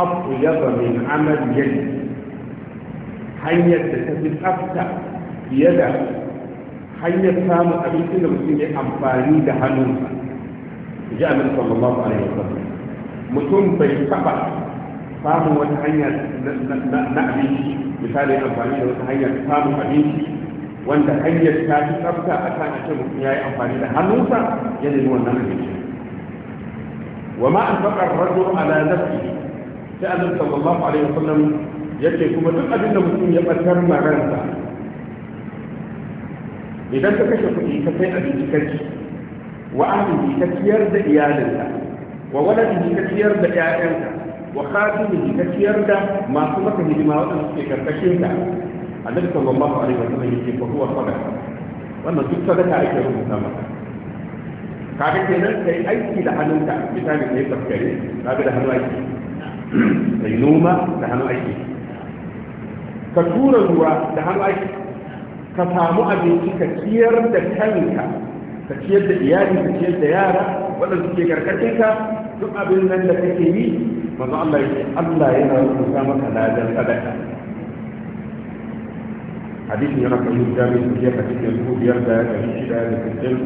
abu yaba min amal yadda hanyar da ta fi tsafta fiye da hanyar samun abinci da mutum ya amfani da hannunsa ji amin sallallahu alaihi wasallam mutum bai taba samun wata hanya na abinci misali amfani da wata hanyar samun abinci wanda hanyar ta fi tsafta a kan ake mutum ya yi amfani da hannunsa ya nemi wannan abinci wa ma an faƙar rajul a nafsihi sai annabi sallallahu alaihi ya ce kuma duk abin da mutum ya ɓatar ma ransa idan ka kashe kuɗi ka sai abinci kaci wa ahlihi ka ciyar da iyalinka wa waladihi ka ciyar da ƴaƴanka wa khadimihi ka ciyar da masu maka hidima waɗanda suke karkashin ka annabi sallallahu alaihi wa sallam yake fa huwa sadaqa wannan duk sadaka ake rubuta maka kaga kenan kai aiki da hannunka misali kai tafkare kaga da hannu aiki kai noma da hannu aiki ka tura ruwa da hannu aiki ka samu abinci ka ciyar da kanka ka ciyar da iyali ka ciyar da yara waɗanda suke karkashin ka duk abin nan da kake yi manzo Allah yake Allah yana rubuta maka ladan sadaka hadisi yana kan yin jami'in da yake cikin dubu biyar da yake ɗari da yake cikin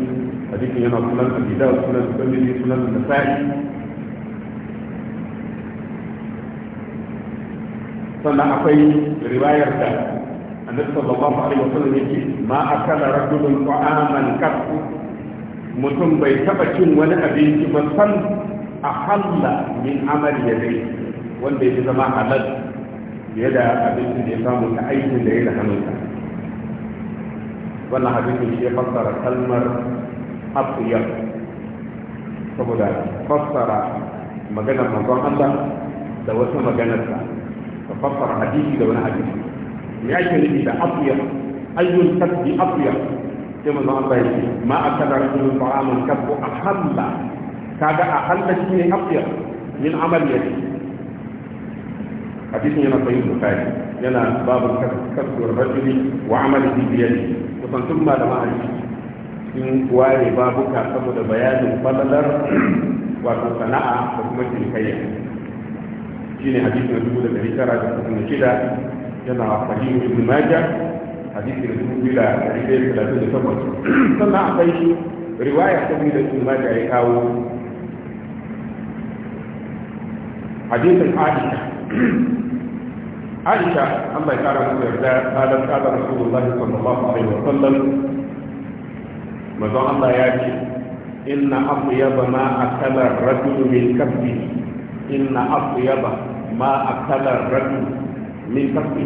hadisi yana sunan abida sunan tsamiri sunan nasa'i sannan akwai riwayar da annabi sallallahu alaihi wasallam yake ma akala rajulun ta'aman kafu mutum bai taba cin wani abinci ba san a halla min amal yadai wanda ya zama halal fiye da abincin da ya samu ta aikin da ya da hannunsa wannan hadisin shi ya fassara kalmar afiyar saboda fassara magana manzon Allah da wasu maganarsa ka fassara hadisi da wani hadisi ya ke nufi da afiya ayyul kasbi afiya sai mu zama bai ma a kada rasulun ta'amun kasbu a halla kaga a halla shi ne afiya min amal yadi hadisin yana sahih bukari yana babu kasbu rajuli wa amalihi bi yadi kusan tun ba da ma'aji in ware babuka saboda bayanin falalar wato sana'a da kuma cinikayya shi ne hadisi na dubu da dari tara da kuma shida جمع حديث ابن ماجه حديث الرسول بلا حديث ثلاثين سبعه ثم اعطيت روايه كبيره ابن ماجه او حديث عائشه عائشة أما كان رسول الله قال قال رسول الله صلى الله عليه وسلم ما قال الله يأتي إن أطيب ما أكل الرجل من كفه إن أطيب ما أكل الرجل min fasli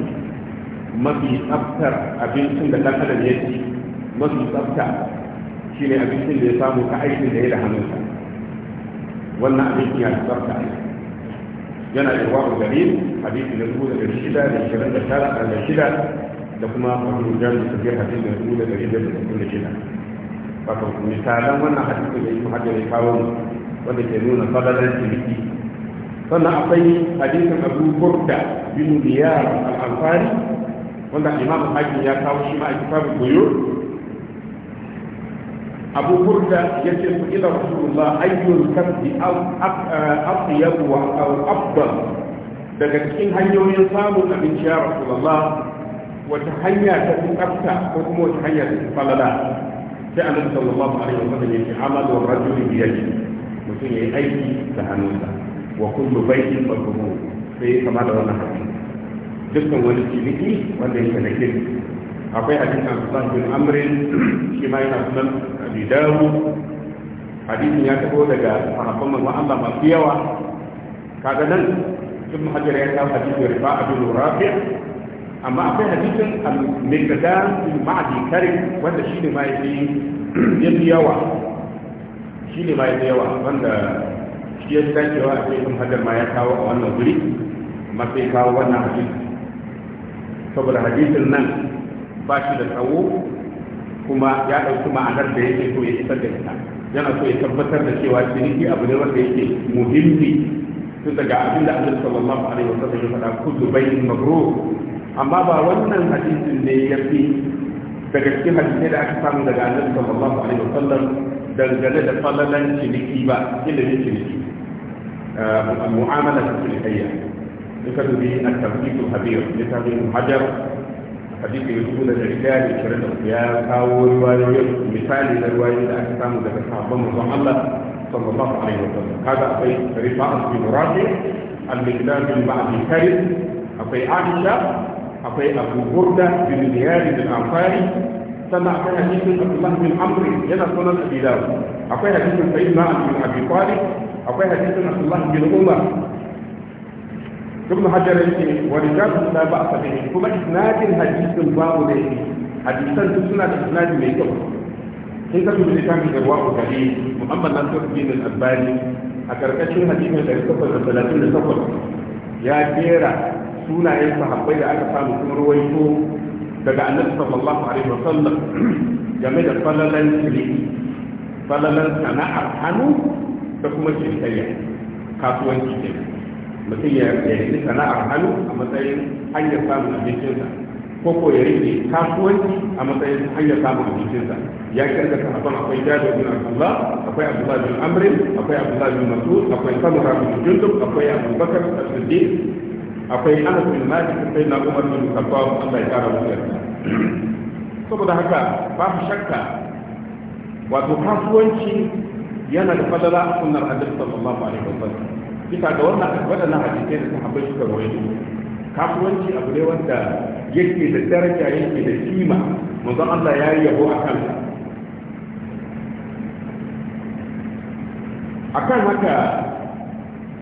mafi tsaftar abincin da ɗan adam ya ci mafi tsafta shine abincin da ya samu ta aikin da ya da hannunsa wannan abincin ya tsafta aiki yana da wabu gari hadisi da dubu daga shida da shirin da tara da shida da kuma wani jami'in tafiyar hadisi da dubu da shida da dubu da shida wato misalan wannan hadisi da yi muhajjar ya kawo wanda ke nuna fadalar ciniki sannan akwai hadisin abu burda bin biyar al-ansari wanda imam hakim ya kawo shi ma a kitabul buyur abu burda ya ce ku ila rasulullah ayyul kasbi afyabu wa afdal daga cikin hanyoyin samun abinci ya rasulullah wata hanya ta fi tsafta ko kuma wata hanya ta fi falala sai annabi sallallahu alaihi sallam ya ce amalu rajuli biyadi mutum ya yi aiki da hannunsa wa kullu baytin mabrur sai kama da wannan hadisi dukkan wani ciniki wanda yake da kin akwai hadisin Abdullah bin Amr shi ma yana sunan Abi Dawud hadisin ya tabo daga sahabban manzon Allah masu yawa kaga nan ibn Hajar ya kawo hadisin Rifa'a bin Rafi' amma akwai hadisin al mikdam bin Ma'di Karim wanda shi ne ma yake yawa shi ne ma yake yawa wanda shi ya ta cewa a cikin hajar ma ya kawo a wannan guri amma sai kawo wannan hadisi saboda hadisin nan ba shi da tsawo kuma ya ɗauki ma'anar da yake so ya isar da ita yana so ya tabbatar da cewa ciniki abu ne wanda yake muhimmi tun daga abin da Allah sallallahu alaihi wasallam ya faɗa kullu bayin magro. amma ba wannan hadisin ne ya fi daga cikin hadisai da aka samu daga Allah sallallahu alaihi wasallam dangane da falalan ciniki ba ilimin ciniki المعاملة الفلحية مثل بين التوفيق الخبير مثل الحجر حديث يقول الرجال شرد القيام أو رواية مثال لرواية الأحكام ذكرها ابن الله صلى الله عليه وسلم هذا في رفاعة بن راجع المجلس من بعد الكرم أبي عائشة أبي أبو بردة بن زياد بن أنصاري سمع حديث عبد الله بن عمرو جنى سنن أبي داود أبي حديث سيدنا أبي طالب akwai hadisin Abdullah bin Umar ibn Hajar yake wa rijalu la ba'sa bihi kuma isnadin hadisin babu da yake hadisan su suna da isnadi mai kyau in ka dubi littafin da ruwa kali Muhammad Nasir bin Al-Albani a karkashin hadisin da ya da talatin da takwas ya jera sunayen sahabbai da aka samu sun ruwaito daga annabi sallallahu alaihi wasallam game da falalan shiri falalan sana'ar hannu da kuma cinikayya kasuwanci ne mutum ya yi sana'ar hannu a matsayin hanyar samun abincinsa ko ko ya rike kasuwanci a matsayin hanyar samun abincinsa ya kirga sahabban akwai jabir bin abdullah akwai abdullah bin amrin akwai abdullah bin mas'ud akwai samura bin jundub akwai abubakar as-siddiq akwai anas bin malik akwai na umar bin khattab Allah ya kara musu yarda saboda haka babu shakka wato kasuwanci yana da fadala a sunnar hadis sallallahu alaihi wasallam bisa ga wannan waɗannan hadisai da sahabbai suka rawaito kasuwanci abu ne wanda yake da daraja yake da kima manzon Allah ya yi yabo a kansa akan haka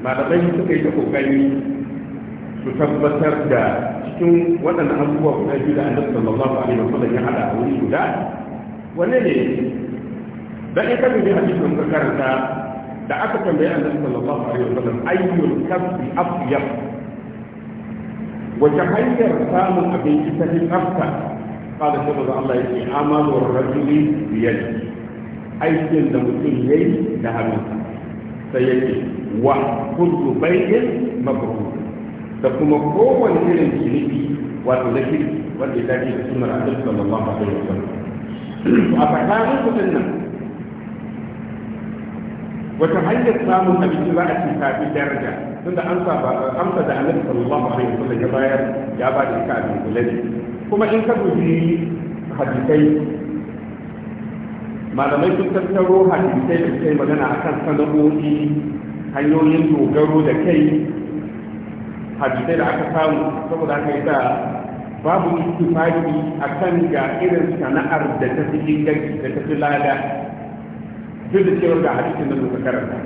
malamai suka yi ta kokari su tabbatar da cikin waɗannan abubuwa guda biyu da annabi sallallahu alaihi wasallam ya hada a wuri guda wanne ne dan ita ne dubi hadisin ka karanta da aka tambaye annabi sallallahu alaihi wasallam ayyul kasbi afyab wa tahayyar samu abin ta ne tsafta kada sai da Allah yake amalu rajuli biyadi aikin da mutum yayi da hannu sai yake wa kullu bayyin mabrur da kuma kowane irin ciniki wato na kirki wanda ya dace da sunnar annabi sallallahu alaihi wasallam a tsakanin kudin nan wata hanyar samun abinci za a ci tafi daraja tunda an amsa da annabi sallallahu alaihi wasallam ya bayar ya ba da abin kula kuma in ka dubi hadisai malamai sun tattaro hadisai da kai magana akan sana'o'i hanyoyin dogaro da kai hadisai da aka samu saboda haka yasa babu ittifaqi akan ga irin sana'ar da ta fi inganci da ta fi lada duk da cewa ga hadisin nan muka karanta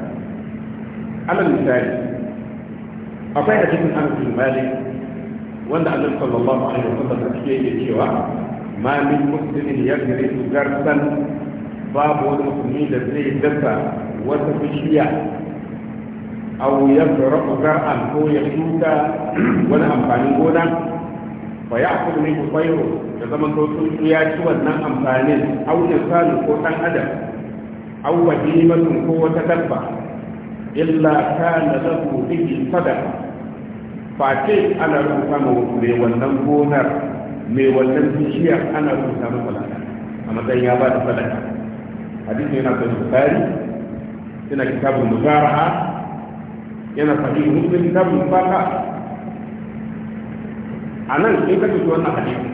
alal misali akwai hadisin anas bin malik wanda annabi sallallahu alaihi yake yake cewa ma min muslimin yagrisu garsan babu wani musulmi da zai dasa wata bishiya aw yazra'u zar'an ko ya shuka wani amfanin gona fa ya'kulu minhu tayru da zaman to sun ya ci wannan amfanin aw sani ko dan adam aw wahimatun ko wata dabba illa kana lahu bihi sadaqa fa ce ana rubuta ma mai wannan gonar mai wannan bishiyar ana rubuta ma sadaka a matsayin ya ba da sadaka hadisi yana da bukari yana kitabun muzara'a yana sahih muslim kitabun a nan in ka tafi wannan hadisi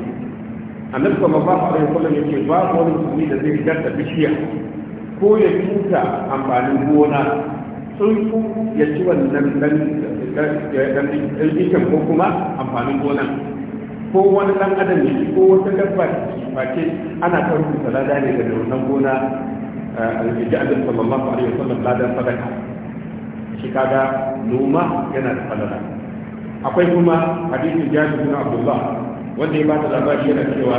annabi sallallahu alaihi yake ba wani musulmi da zai gadda bishiya ko ya tuta amfanin gona tsuntsu ya ci wannan dan ikin ko kuma amfanin gona. ko wani dan adam ya ko wata dabba ce. ana kan rubuta lada ne daga wannan gona alhaji eh, adam sallallahu alaihi wasallam ladan sadaka shi kaga noma yana da falala akwai kuma hadisin jabir bin abdullah wanda ya ta labari yana cewa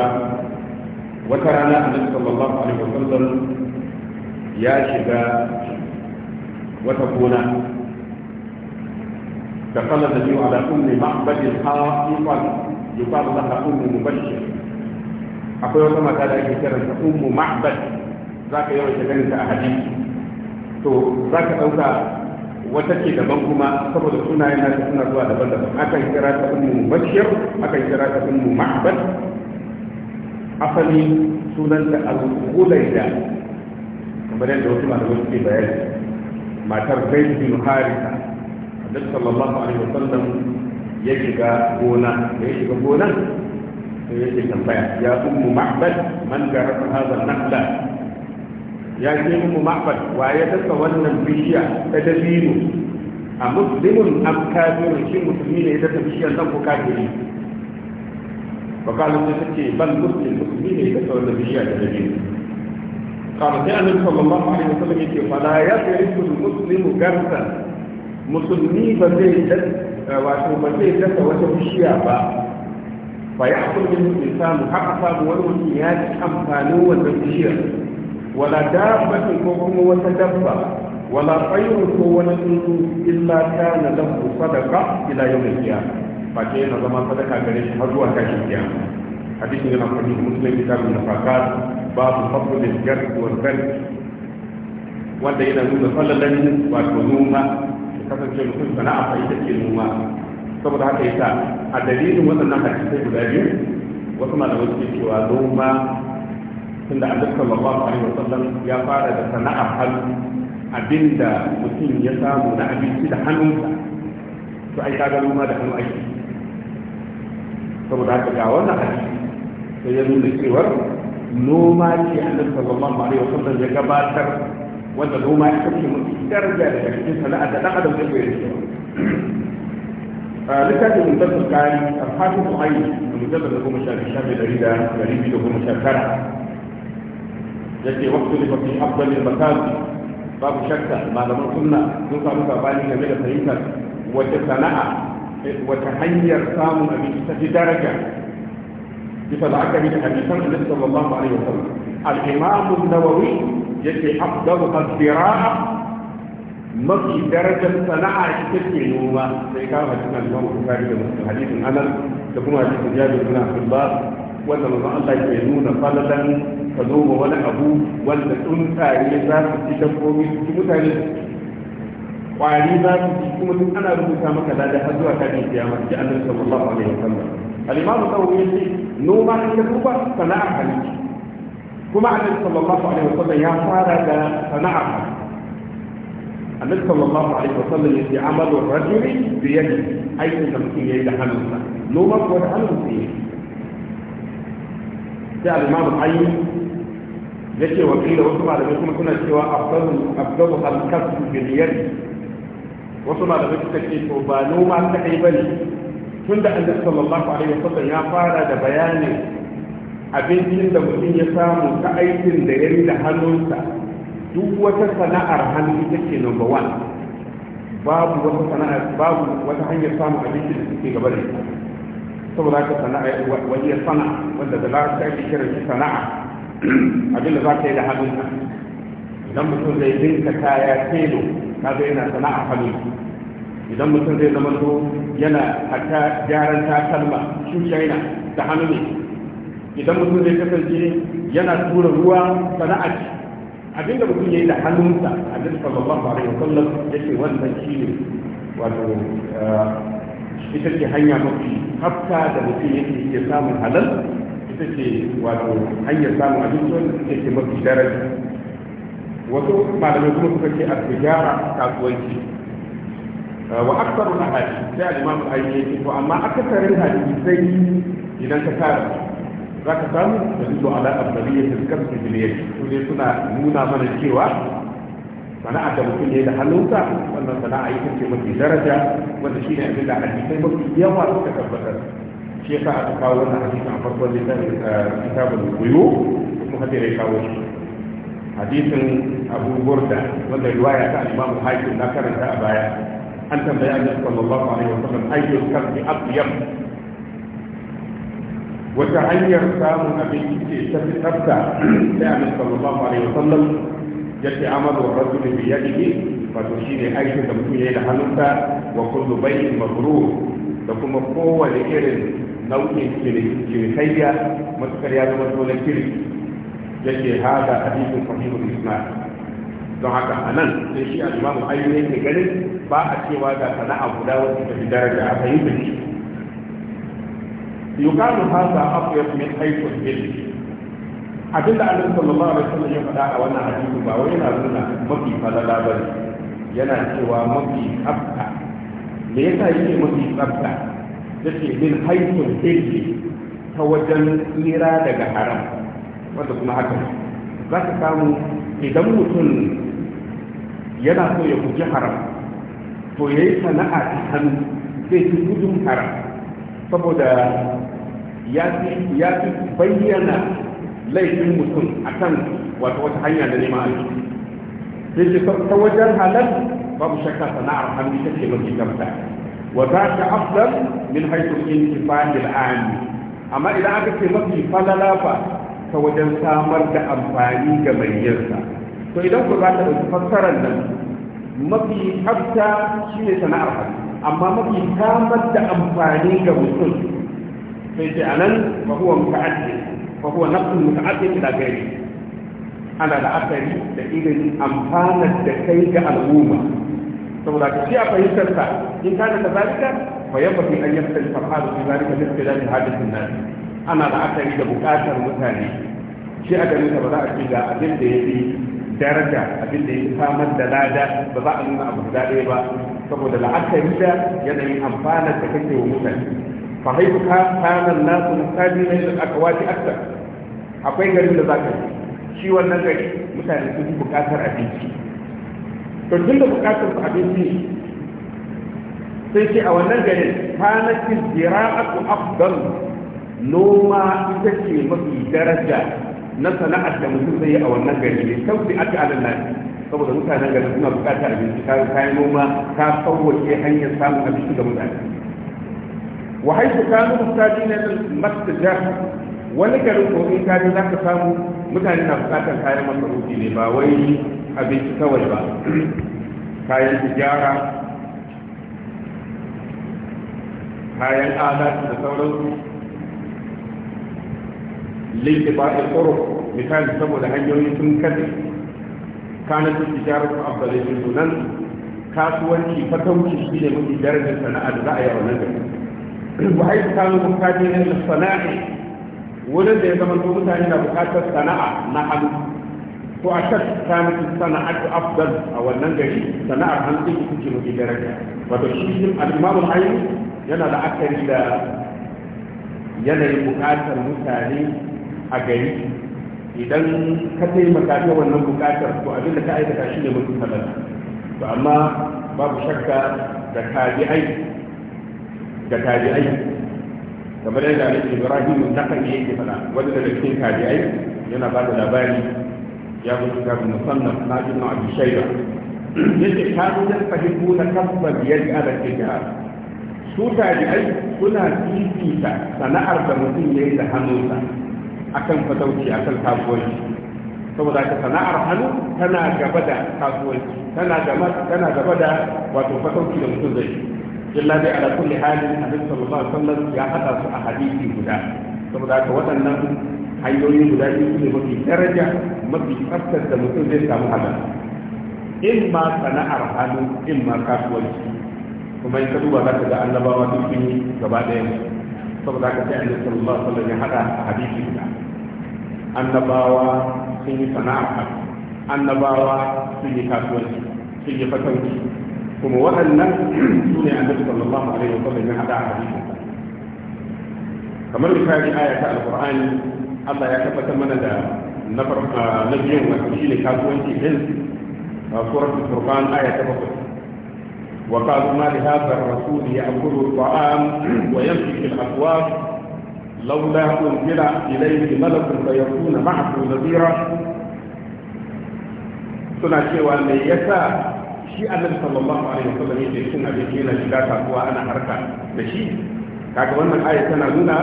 wata rana annabi sallallahu alaihi wasallam ya shiga wata gona da kala da biyu ala ummi ma'badin ha'ifan yuqalu laha ummu mubashir akwai wata mata da ake kiran ta ummu za ka yawan shiga ganin ta a hadin. to za ka ɗauka wata ce daban kuma saboda suna yana da suna zuwa daban-daban akan kira ta ummu mubashir akan kira ta ummu ma'bad asali sunanta al-ghulaida kamar yadda wasu malamai suke bayani matar zai bin harisa da sallallahu alaihi wasallam ya shiga gona ya shiga gonan sai yake tambaya ya ummu ma'bad man garasa hadha an-nakhla ya ce ummu ma'bad wa ya dasa wannan bishiya ta dabino a muslimun am kafirun shi musulmi ne ya dasa bishiyar nan ko kafiri fa kallon sai ce ban muslim musulmi ne ya dasa wannan bishiya ta dabino kama sai annabi sallallahu alaihi wasallam yake fala ya yarifu muslimu garsan musulmi ba zai wato ba zai dasa wata bishiya ba fa ya hakul min insanu haka samu wani mutum ya ci amfanin wannan bishiyar wala dabbatin ko kuma wata dabba wala tsayin ko wani tsuntsu illa kana lahu zama sadaka gare shi har yana fahimtar muslim kitabun babu fadlul jarh wal barh wanda yana nuna fallalan wato noma da kasance mutum sana'a fa ita ce noma saboda haka yasa a dalilin waɗannan hadisai guda biyu wasu malamai suke cewa noma tunda Allah sallallahu alaihi wasallam ya fara da sana'a hannu abinda mutum ya samu na abinci da hannunsa to ai kaga noma da hannu ake saboda haka ga wannan hadisi sai ya nuna cewa noma ce nan sallallahu alaihi wasallam ya gabatar wanda noma ita ce mafi daraja daga cikin sana'a da dan adam zai koyi da littafin mutattar kari alhafi mu'ayi da mutum da goma sha biyu da dari da dari biyu da goma sha tara ya ce waktu da fafi abdalin makazi babu shakka malaman sunna sun samu sabani game da fahimtar wata sana'a wata hanyar samun abinci ta fi daraja bisa la'akari da hadisan Annabi sallallahu alaihi wasallam al-Imam an-Nawawi yake afdalu al-zira'a mafi darajar sana'a ita ce noma sai ka hadisin al-Imam Bukhari da Muslim hadisin Anas da kuma hadisin Jabir bin Abdullah wanda manzon Allah ke nuna falalan ka zo wani abu wanda tsuntsaye za su ci dabbobi su ci mutane kwari za su ci kuma duk ana rubuta maka lada har zuwa kan kiyama ji Allah sallallahu alaihi wasallam الإمام التوحيدي نوما يكتب صناعة خليج كما أن صلى الله عليه وسلم يا فارد صناعة النبي صلى الله عليه وسلم في عمل الرجل بيده أي تمكين يد حلوسا نوما هو الحلوس جاء الإمام أي ذكي وقيل وسمع لم يكن كنا سوى أفضل أفضلها الكسب باليد وسمع لم يكن تكيف وبانوما تكيبني tun da annabi sallallahu alaihi wasallam ya fara da bayanin abincin da mutum ya samu ta aikin da ya yi da hannunsa duk wata sana'ar hannu ita ce number one babu wata sana'ar babu wata hanyar samun abincin da suke gaba da ita saboda ka sana'a wani sana'a wanda da larabci ake kiran shi sana'a abin da za ka yi da hannunka idan mutum zai dinka kaya telo kaga yana sana'ar hannu idan mutum zai zama to yana hatta gyaran takalma shi shaina da hannu ne idan mutum zai kasance yana tura ruwa sana'a ce abinda mutum ya yi da hannunsa a duk sallallahu alaihi ya yake wannan shi ne wato eh, ita ce hanya mafi hafta da mutum ya ke samun halal ita ce wato hanyar samun abinci wanda ke mafi daraja wasu malamai kuma suka ce a tijara kasuwanci wa aksaru na hadisi sai al-imam al-ayyuki yake to amma akasarin sai idan ka tara za ka samu da duk ala afdaliyatil kasb bil yad to ne suna nuna mana cewa sana'a da mutum ne da hannunsa wannan sana'a ita ce mafi daraja wanda shine abin da hadisai mafi yawa suka tabbatar shi yasa aka kawo wannan hadisin a farkon littafin eh, kitabul buyu kuma hadin ya kawo shi hadisin abu burda wanda riwaya ta al-imam hakim na karanta a baya an tambaya annabi sallallahu alaihi wasallam ayyul kalbi atyab wata hanyar samun abinci ce ta fi tsafta sai annabi sallallahu alaihi wasallam ya ce amalu rajul bi yadihi wato shine aikin da mutum yayi da hannunsa wa kullu bai'in mabrur da kuma kowane irin nau'in cinikayya matukar ya zama dole kirki yake hada hadisin sahihul islam don haka a nan sai shi al'imamu ne ke ganin ba a cewa ga a guda wacce ta daraja a fahimta shi yukalu hasa afiyat min haythu al-ilm abinda annabi sallallahu alaihi wasallam ya faɗa a wannan hadisi ba wai yana nuna mafi falala ne yana cewa mafi tsafta me yasa yake mafi tsafta da min haythu al ta wajen tsira daga haram wanda kuma haka za ka samu idan mutum yana so ya guji haram to ya yi sana'a ta hannu zai fi gudun haram saboda ya fi bayyana laifin mutum a kan wata wata hanya da neman aiki sai ta wajen halar, babu shakka sana'ar hannu ta ce mafi gamta wa za ta afdal min haifin intifahil ami amma idan aka ce mafi falala ba ta wajen samar da amfani ga mai yarsa to idan ku za ta ɗauki fassarar nan mafi hafta shi ne sana'ar hannu amma mafi samar da amfani ga mutum sai ce anan ba huwa muta'addi ba huwa nafsun muta'addi da gari ana la'akari da irin amfanar da kai ga al'umma saboda ka shi a fahimtar sa in ka da kazalika fa yabba fi an da al-halu fi zalika min tilal hadath an-nas ana la'akari da bukatar mutane shi a ganin ba za a ce ga abin da ya fi daraja abin da ya fi samar da lada ba za a nuna abu guda ɗaya ba saboda la'akari da yanayin amfana da kake wa mutane fa haifu ka kanan nasu misali na yin wace aka akwai garin da za ka yi shi wannan gari mutane sun fi bukatar abinci to tun da bukatar su abinci sai ce a wannan garin kanakin zira'atu afdal noma ita ce mafi daraja na sana'ar da mutum zai yi a wannan gari ne sauki aka lafi saboda mutanen gari suna bukatar abinci ta kayan noma ta sauwace hanyar samun abinci ga mutane wa haifu kanu mutane na masjidah wani garin ko ta kaji za ka samu mutane na bukatar kayan masarufi ne ba wai abinci kawai ba kayan tijara kayan adalci da sauransu linki ba da tsoro misali saboda hanyoyi sun kaɗe kana su tijarar su kasuwanci fatauci shi mafi darajar sana'a da za yi a wannan gari ba a yi samun bukati na sana'a wurin ya zama to mutane na bukatar sana'a na hannu to a kan a wannan gari sana'ar hannu ita ce shi yana da da yanayin bukatar mutane a gari idan ka taimaka ta wannan bukatar to abin da ka aikata shi ne mutum halala to amma babu shakka da tabi'ai da tabi'ai kamar yadda Alhaji Ibrahim da kan yake fada wanda daga cikin tabi'ai yana ba da labari ya mutu ga musannaf na Ibn Abi Shayba yake kanu dan fahimu na kasban yaj'ala tijar su tabi'ai suna fifita sana'ar da mutum ya yi da hannunsa akan fatauci akan kasuwanci saboda ka sana'ar hannu tana gaba da kasuwanci tana gaba tana gaba da wato fatauci da mutum zai illa dai ala kulli halin abin sallallahu alaihi wasallam ya hada su a hadisi guda saboda ka waɗannan hanyoyi guda biyu ne mafi daraja mafi tsaftar da mutum zai samu hada in ma sana'ar hannu in ma kasuwanci kuma in ka duba za ka ga annabawa duk sun yi gaba ɗaya saboda ka sai annabawa sallallahu alaihi wasallam ya hada a hadisi annabawa sun yi sana'a annabawa sun yi kasuwanci sun yi fatanci kuma waɗannan su ne annabi sallallahu alaihi wa sallam ya hada a hadisin kamar misali aya ta alqur'ani Allah ya tabbatar mana da na farka na biyan wato shine kasuwanci din suratul furqan aya ta bakwai وقالوا ما لهذا الرسول يأكل الطعام ويمشي في الأسواق لولا أنزل إليه ملك فيكون معه نذيرا suna cewa me yasa shi annabi sallallahu alaihi wasallam yake cin abinci yana shiga kasuwa ana harka da shi kaga wannan aya tana nuna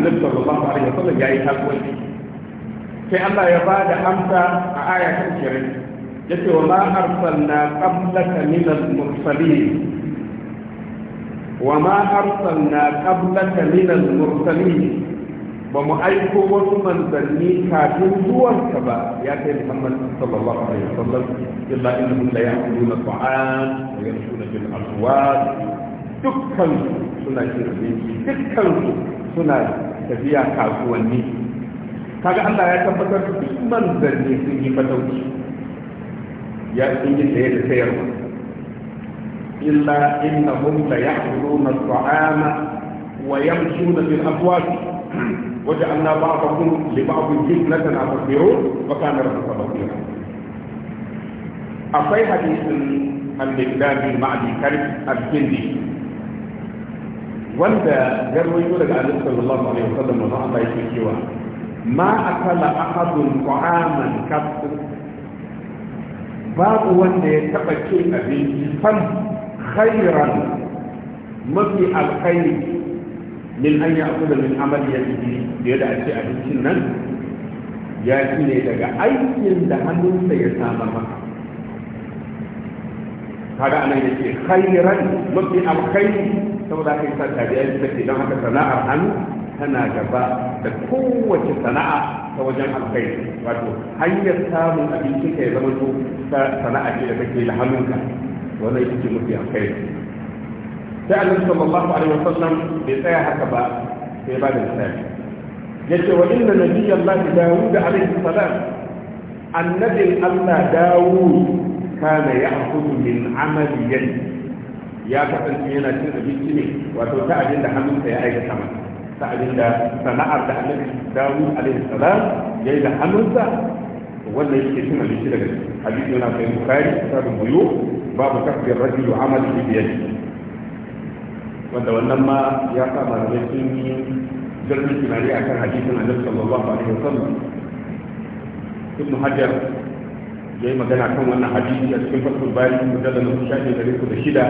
annabi sallallahu alaihi wasallam yayi kasuwanci sai Allah ya ba da amsa a aya ta 20 yace wa ma arsalna qablaka minal mursalin وما أرسلنا قبلك من المرسلين ومؤيكو ومن ذني كافر هو الكبا يا سيد محمد صلى الله عليه وسلم إلا إنهم لا يأكلون الطعام ويمشون في الأسواق دكان سنة شربين دكان سنة تبيع كاسواني kaga Allah ya tabbatar duk manzanni sun yi fatauci ya sun yi saye da sayarwa إلا إنهم ليحضرون الطعام ويمشون في الأبواب وجعلنا بعضكم لبعض فتنة أبصرون وكان ربك بصيرا أصي حديث الإسلام مع كرب الجندي وانت جروا يقولك عليه صلى الله عليه وسلم وضع الله ما أكل أحد طعاما كفر باب وانت تقشي أبي الفم khairan mafi alkhairi min an ya akuda min amal ya da yadda abincin nan ya ci ne daga aikin da hannunsa ya samar maka kaga anan yake khairan mafi alkhairi aka kai sa ya ta ce don haka sana'ar hannu tana gaba da kowace sana'a ta wajen alkhairi wato hanyar samun abincin ka ya zama to sana'a ce da kake da hannunka wannan ita ce mafi alkhairi sai annabi sallallahu alaihi sannan bai tsaya haka ba sai ba da misali yace wa inna dawo da alaihi salam annabin Allah dawo kana ya'khudhu min amali ya kasance yana cin abinci ne wato ta abin da hannunsa ya aikata masa ta abin da sana'ar da annabi dawud alaihi salam yi da hannunsa wanda yake cin abinci daga hadisi yana kai bukari da buyu babu kafin rajul amal bi wanda wannan ma ya sa malamai sun yi zurfin tunani kan hadisin annabi sallallahu alaihi wasallam ibn hajar ya yi magana kan wannan hadisi a cikin fasul bari mujallal na shafi da riku da shida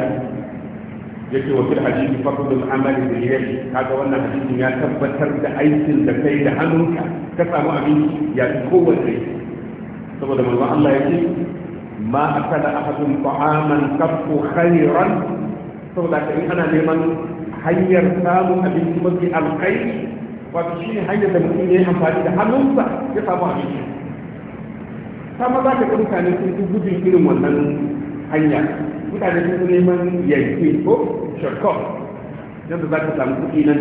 yake wa fil hadisi fasul amali bil yadi kaga wannan hadisin ya tabbatar da aikin da kai da hannunka ka samu abin ya fi kowanne saboda manzon Allah yake ma akala ahadun ta'aman kafu khairan saboda ka in ana neman hanyar samun abinci mafi alkai wato shi hanyar da mutum ya yi amfani da hannunsa ya samu abinci sama za ka ga mutane sun fi gudun irin wannan hanya mutane sun fi neman yanke ko shortcut yadda za ka samu kuɗi nan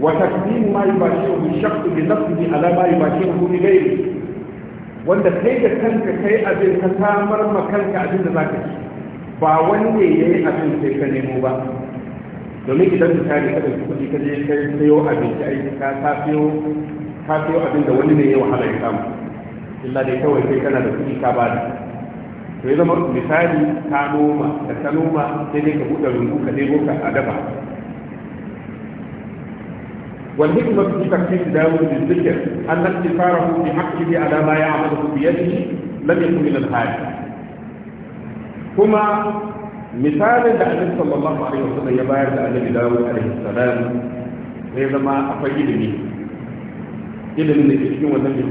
وتقديم ما يباشره الشخص بنفسه على ما يباشره لغيره wanda kai da kanka kai abin ka samar ma kanka abin da zaka ci ba wanda ya yi abin sai ka nemo ba domin idan ka tare ka dauki kuɗi ka je ka sayo abin ka aiki ka safiyo ka sayo abin da wani ne ya wahala ya samu illa dai kawai kai kana da kuɗi ka bada to ya zama misali ka noma da ka noma sai dai ka buɗe rungu ka nemo ka a daba والحكمة في تكفير داوود الذكر أن اقتصاره في حقه على ما يعمله بيده لم يكن من الحاجة ثم مثال لأنه صلى الله عليه وسلم يبارد أن داوود عليه السلام عندما ما أفيد به إذا من الإسلام والنبي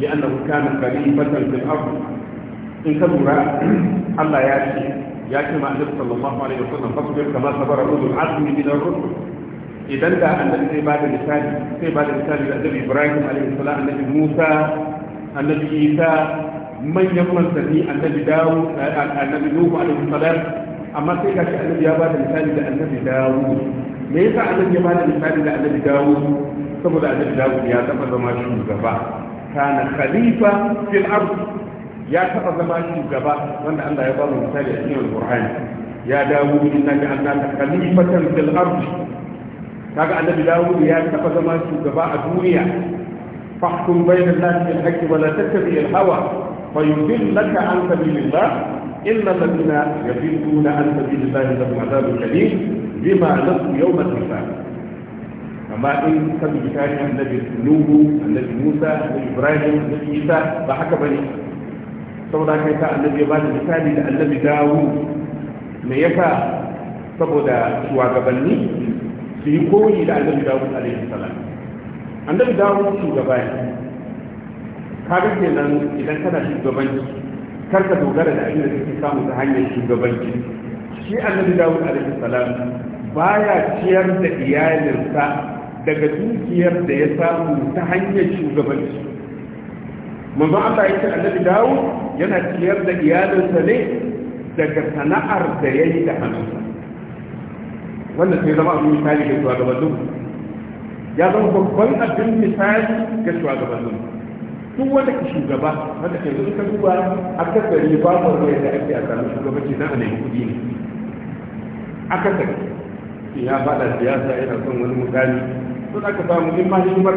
لأنه كان قريبا في الأرض إن كبر الله يأتي يأتي مع النبي صلى الله عليه وسلم فاصبر كما صبر أولو العزم من الرسل idan da annabi zai ba da misali zai ba da misali da annabi ibrahim alaihi salam annabi musa annabi isa manyan manzanni annabi dawo annabi nuhu alaihi salam amma sai ga annabi ya ba da misali da annabi dawo me yasa annabi ya ba da misali da annabi dawo saboda annabi dawo ya taba zama shugaba kana khalifa fil ard ya taba zama shugaba wanda Allah ya ba mu misali a cikin alqur'ani ya dawo inna anta khalifatan fil ard kaga annabi dawud ya taba zama shugaba a duniya fahkum bayna an-nas bil haqqi wa la tattabi al-hawa fa yudillaka an sabilillah illa alladhina yadilluna an sabilillah lahum adhabun kabeer bima nasu yawm al-hisab amma in ka bi tarihin annabi nuhu annabi musa annabi ibrahim annabi isa ba haka bane saboda kai ta annabi ba da misali da annabi dawud me yasa saboda shugabanni su yi koyi da annabi dawud alaihi salam annabi dawud shugaba ne kaga kenan idan kana shugabanci kar ka dogara da abin da kake samu ta hanyar shugabanci shi annabi dawud alaihi salam baya ciyar da iyalinsa daga dukiyar da ya samu ta hanyar shugabanci manzo Allah ya ce annabi dawud yana ciyar da iyalinsa ne daga sana'ar da yayi da hannunsa wanda sai zama abin misali ga shugabannin ya zama babban abin misali ga shugabannin duk wanda ke shugaba wanda ke zuwa ka duba a akasari ba wanda da ake a samu shugabanci na ne kudi ne akasari ya fada siyasa yana son wani mutane sun aka samu in ma hikimar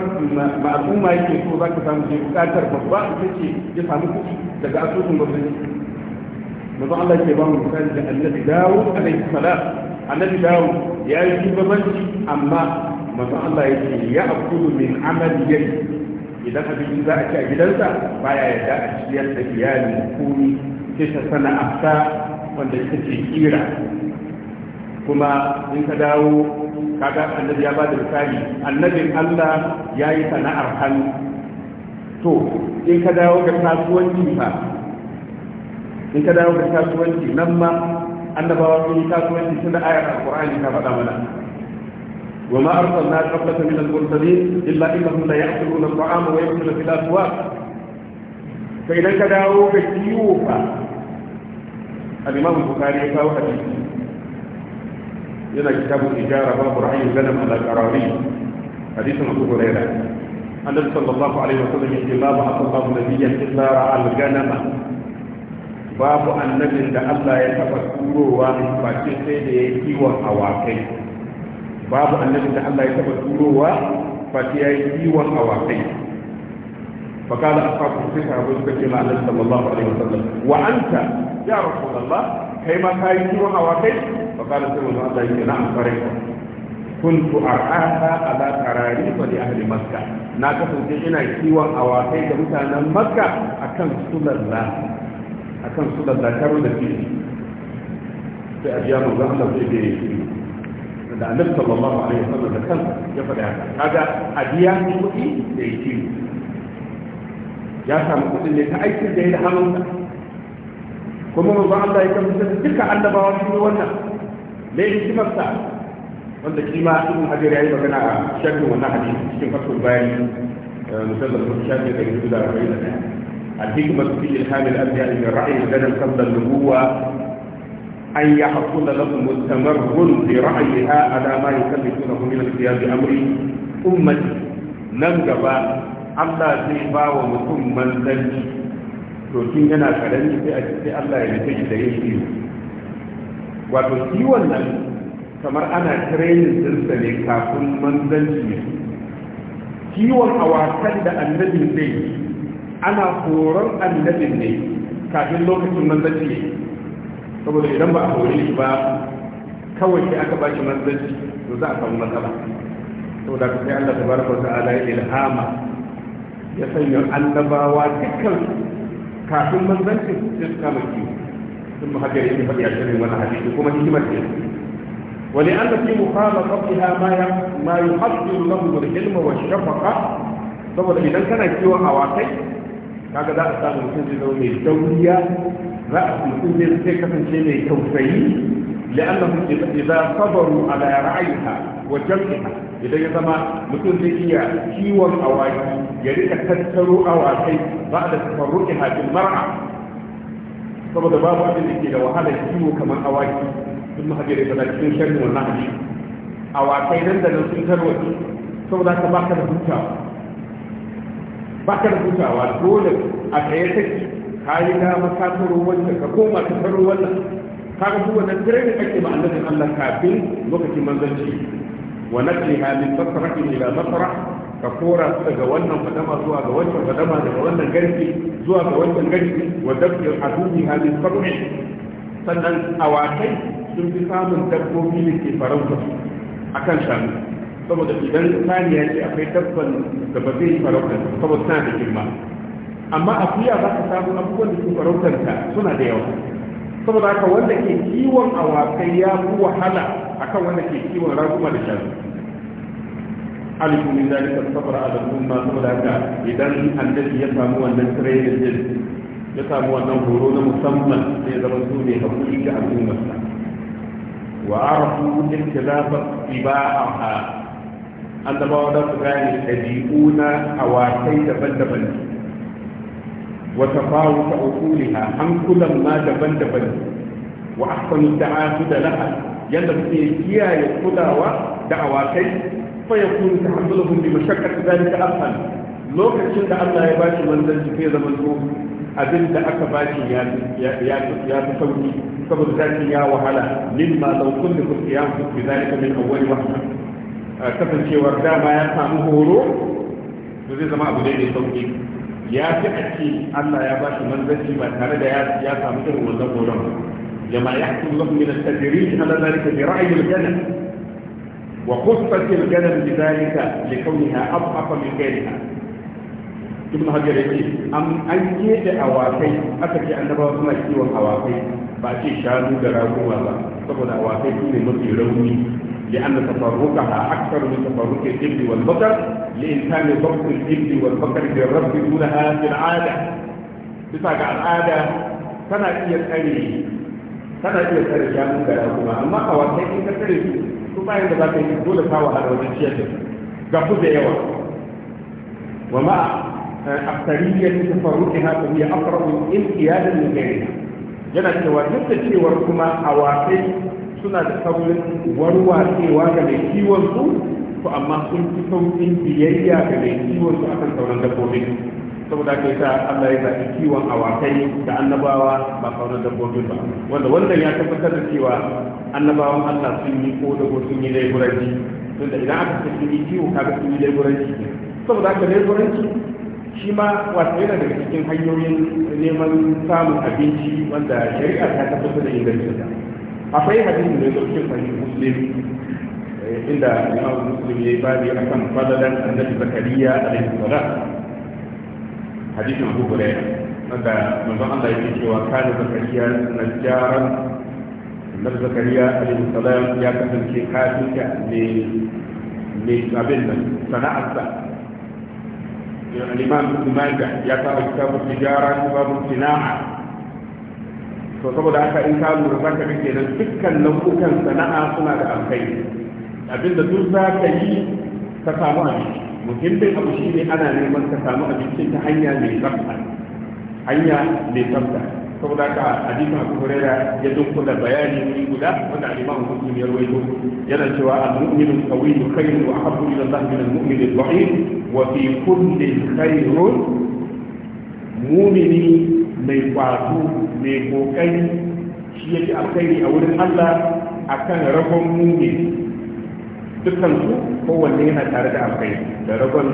ma'azuma yake so za ka samu ke bukatar babba ita ce ya samu kuɗi daga asusun gwamnati mazan Allah ke ba mu misali da annabi dawo alaihi salam annabi dawo ya yi kibabanci amma masu Allah ya ce ya abu min amali yayi idan abin za a ci a gidansa baya yarda a ciyar da iyali kuni ce ta sana'arsa wanda ita ce kira kuma in ka dawo kaga annabi ya ba da misali annabin Allah ya yi sana'ar hannu to in ka dawo ga kasuwanci fa in ka dawo ga kasuwanci nan ma أن sun yi أن tun da القرآن alqur'ani ta وما أرسل وما أرسلنا من المرسلين إلا إنهم لا يأكلون الطعام ويأكلون في الأسواق فإذا كداو كيوفا الإمام البخاري يقول حديث يلا كتاب الإجارة باب رعي الغنم على الأراضي حديث أبو هريرة النبي صلى الله عليه وسلم يقول لا بعث الله نبيا إلا رعى الغنم babu annabin da Allah ya taɓa turowa bakin sai da ya yi kiwon awakai babu annabin da Allah ya taɓa turowa bakin ya yi kiwon awakai fakala a kafin sai ta rabu suka ce na Allah sallallahu alaihi wa sallam wa anta ya rabu kai ma ka yi kiwon awakai fakala sai wanzu Allah ya na amfare ka kuntu arhaha ala tarari fa li ahli makkah na kasance ina kiwon awakai da mutanen makkah akan sunan lafiya kan su da zakaru da fili sai a biya manzon Allah sai da yake da annabi sallallahu alaihi wasallam da kansa ya faɗa haka kaga a biya ni kuɗi da yake ya samu kuɗin ne ta aikin da ya da hannunsa kuma manzon Allah ya kamata duka annabawa su wannan ne hikimarsa wanda shi ma ibn hajar yayi magana a shafin wannan hadisi cikin fatul bayani eh, musallar shafi da yuzu da rabai da الحكمة في إلهام الأنبياء من رأي الغنم قبل النبوة أن يحصل لهم التمرن برأيها على ما يكلفونه من القيام بأمر أمتي لم Allah zai ba wa mutum manzanci to yana karami sai a ce Allah ya nufi da yin iyo wato shi wannan kamar ana training dinsa ne kafin manzanci ne kiwon awakan da annabi zai yi ana horon annabin ne kafin lokacin manzanci ne saboda idan ba a hore shi ba kawai sai aka bashi manzanci to za a samu matsala saboda ka sai Allah tabaraka wa ta'ala ya ilhama ya sanya annabawa dukkan kafin manzancin sai su kama kiwo sun muhajjar yake faɗi a cikin wani hadisi kuma hikimar ce ولأن في مخالطتها ما ما يحصل له العلم والشفقة saboda idan kana kiwon awakai kaga za a samu mutum zai zama mai dauriya za a mutum zai kasance mai tausayi la'anna mutum zai za sabaru a da ra'ayinka wajen ita idan ya zama mutum zai iya kiwon awaki ya rika tattaro awakai ba da tafarru ihajin mara saboda babu abin da ke da wahala kiwo kamar awaki sun mahajar ya zama cikin shirin wannan hajji awakai nan da nan sun tarwata saboda ka baka da hutawa ba ka hutawa dole a tsaye take ka yi dama ka taro wannan ka koma ka taro wannan ka ga duk wannan training ake ma annabin Allah kafin lokacin manzanci wa naqliha min fatratin ila fatrah ka kora su daga wannan fadama zuwa ga wancan fadama daga wannan garki zuwa ga wannan garki wa dabbi adumi halin farmi sannan awakai sun fi samun dabbobi da ke farauta akan shanu saboda idan saniya ce akwai dabban da ba zai farautar saboda suna da girma amma a akuya za ka samu abubuwan da ke farautar ta suna da yawa saboda haka wanda ke kiwon awakai ya fi wahala akan wanda ke kiwon raguma da shanu alifu min dalika sabra ala umma saboda haka idan annabi ya samu wannan training din ya samu wannan horo na musamman sai zama su ne hakuri ga al'ummarsa wa arafu ikhtilafat ibaaha annabawa za su gane ɗabi'u na awakai daban-daban wata fawo ta ukuliha hankulan ma daban-daban wa ahsanu ta'atu da laha yadda suke kiyaye kulawa da awakai fa yakunu tahammuluhum bi mashaqqati dhalika afdal lokacin da Allah ya bashi manzanci zai zama so abin da aka bashi ya fi sauki saboda zaki ya wahala mimma law kuntum qiyam bi dhalika min awwal wahda kasancewar dama ya samu horo to zai zama abu ne mai sauki ya fi ake Allah ya ba shi manzanci ba tare da ya samu irin wannan horon jama'a ya hasu lahu min at-tadrij ala dhalika bi ra'yi al-ganam wa khuffat al-ganam bi dhalika li kawniha adhafa min ghayriha ibn hajar yake an an kede awakai aka ce annabawa suna kiwon awakai ba ce shanu da raguwa ba saboda awakai su ne mafi rauni لأن تفرقها أكثر من تفرق الإبل والبقر لإنسان ضبط الإبل والبقر الرب دونها في العادة بساق العادة سنة هي تاري سنة هي تاري يا مكرهما أما أوكي إنك تاري سوف يندبك إن دولة ساوى على وجهة قفو ديوة وما أكثرية تفرقها فهي أقرب من غيرها yana جنة وجدت في cewar kuma suna da saurin cewa ga mai kiwon su to amma sun fi sauƙin biyayya ga mai kiwon su akan sauran dabbobi saboda ka sa, Allah ya zaɓi kiwon awakai da annabawa ba sauran dabbobin ba wanda wannan ya tabbatar da cewa annabawan Allah sun yi ko da sun yi laifuranci tunda idan aka ce sun yi kiwo kaga sun yi laifuranci saboda haka laifuranci shi ma wasu yana daga cikin hanyoyin neman samun abinci wanda shari'a ta tabbatar da ingancinsa akwai hadisin da ya zo cikin sahih muslim inda imam muslim ya yi babi a kan fadalan annabi zakariya alaihi salam hadisin abu hurairah wanda manzon Allah yake cewa kana zakariya najjaran annabi zakariya alaihi salam ya kasance kafinta ne ne abin nan sana'arsa الإمام ابن ماجه يقرأ كتاب التجارة باب الصناعة to saboda aka in ka lura za ka ga kenan dukkan nau'ukan sana'a suna da alkai abinda duk za ka yi ka samu abinci muhimmin abu shi ne ana neman ka samu abincin ta hanya mai tsafta hanya mai tsafta saboda haka hadisin abu huraira ya dukkula bayani wuri guda wanda al-imam muslim ya rawaito yana cewa al-mu'minu qawiyyu khayrun wa ahabbu ila Allah min al-mu'min al-dha'if wa fi kulli khayrun mu'mini mai kwato mai kokari shi yake alkhairi a wurin Allah akan ragon mumin dukkan su kowanne yana tare da alkhairi da ragon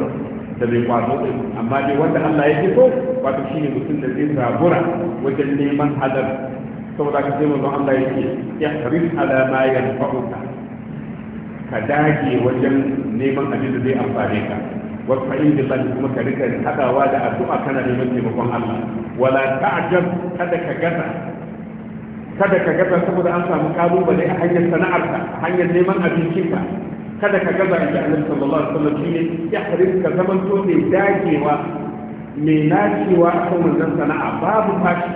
da mai kwato din amma dai wanda Allah ya fito wato shine mutum da zai sabura wajen neman hadar saboda ka sai don Allah yake harin ala ma yanfa'uka ka dage wajen neman abin da zai amfane ka wasta'in billahi kuma ka rika hadawa da addu'a kana neman taimakon Allah wala ta'jab kada ka gaza kada ka gaza saboda an samu kalubale a hanyar sana'arka a hanyar neman ka, kada ka gaza inji annabi sallallahu alaihi wasallam shine ya harin ka zamanto mai dagewa mai nacewa a kan wannan sana'a babu fashi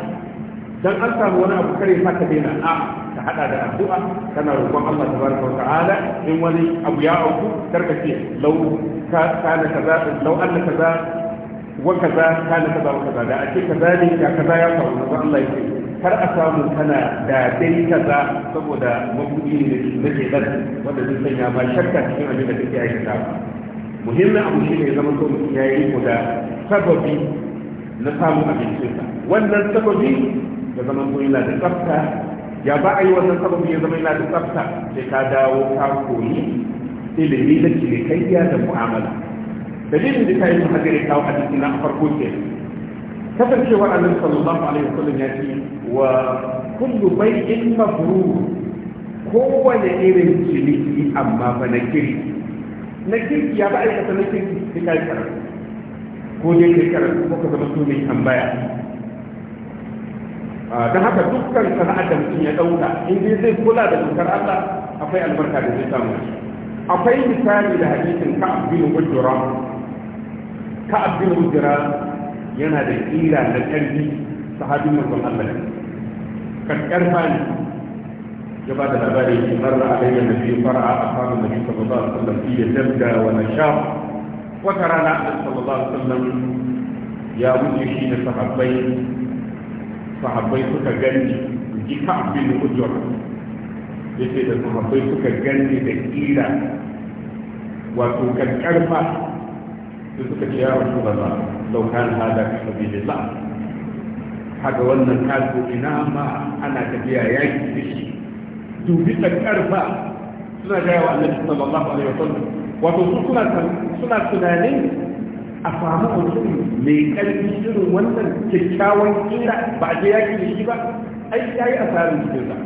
dan an samu wani abu kare sa ka daina a'a hada da addu'a kana roƙon Allah tabaraka wa ta'ala in wani abu ya auku karka ce lau kana kaza lau Allah kaza wa kaza kana kaza wa kaza da ake kaza ne ya kaza ya faru na Allah yake kar a samu kana da dai kaza saboda mabudi ne da ke dan wanda zai sanya ba shakka cikin abin da kake aikata muhimmin abu shi ne zama to mutum ya yi da sababi na samun abincinsa wannan sababi da zaman ko yana da tsafta ya ba a yi wannan sababin ya zama yana da tsafta sai ka dawo ka koyi ilimi da cinikayya da mu'amala dalilin da ta yi hajjari kawo a cikin na farko ke kasancewar annabi sallallahu alaihi wasallam ya ce wa kullu bai'in mabrur kowane irin ciniki amma ba na kirki na kirki ya ba aikata na kirki sai ka yi karatu ko dai kai karatu ko ka zama sunan tambaya Ah, don haka dukkan sana'ar da mutum ya dauka in dai zai kula da dokar Allah akwai albarka da zai samu akwai misali da hadisin ka'ab bin ujra ka'ab bin ujra yana da kira na karfi sahabin manzon Allah ne kakkar fani ya ba da labari ne da alayya nabi fara'a ashabu nabi sallallahu alaihi wasallam fi jadda wa nashab wa karana sallallahu alaihi wasallam ya wuce shi da sahabbai sahabbai suka gani ji ka bin ya ce da sahabbai suka gani da kira wato karkarfa su suka ce ya rasu da ba lau kan hada fi sabilillah haka wannan kasu ina ma ana tafiya yaki da shi dubi karkarfa suna gaya wa annabi sallallahu alaihi wasallam wato suna tunanin a samu mutum mai ƙarfi irin wannan kyakkyawan kira ba a ya ke da shi ba ai ya yi asarin cikin sa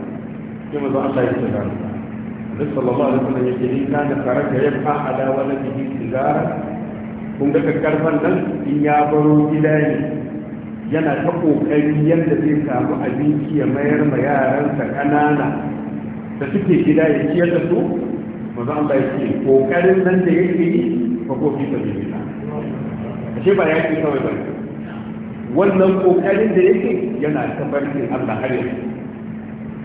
sai mazo Allah ya tsara Nabi sallallahu alaihi wasallam yake ni kana karaka ya fa ala wala bihi sigara kun ga karfan nan in ya baro gida ne yana ta kokari yadda zai samu abinci ya mayar ma yaransa ƙanana da suke gida ya ciyar da su mazo Allah ya ce kokarin nan da yake yi ba kofi ta jira. ashe ba yaki kawai ba wannan kokarin da yake yana tabarkin Allah har yanzu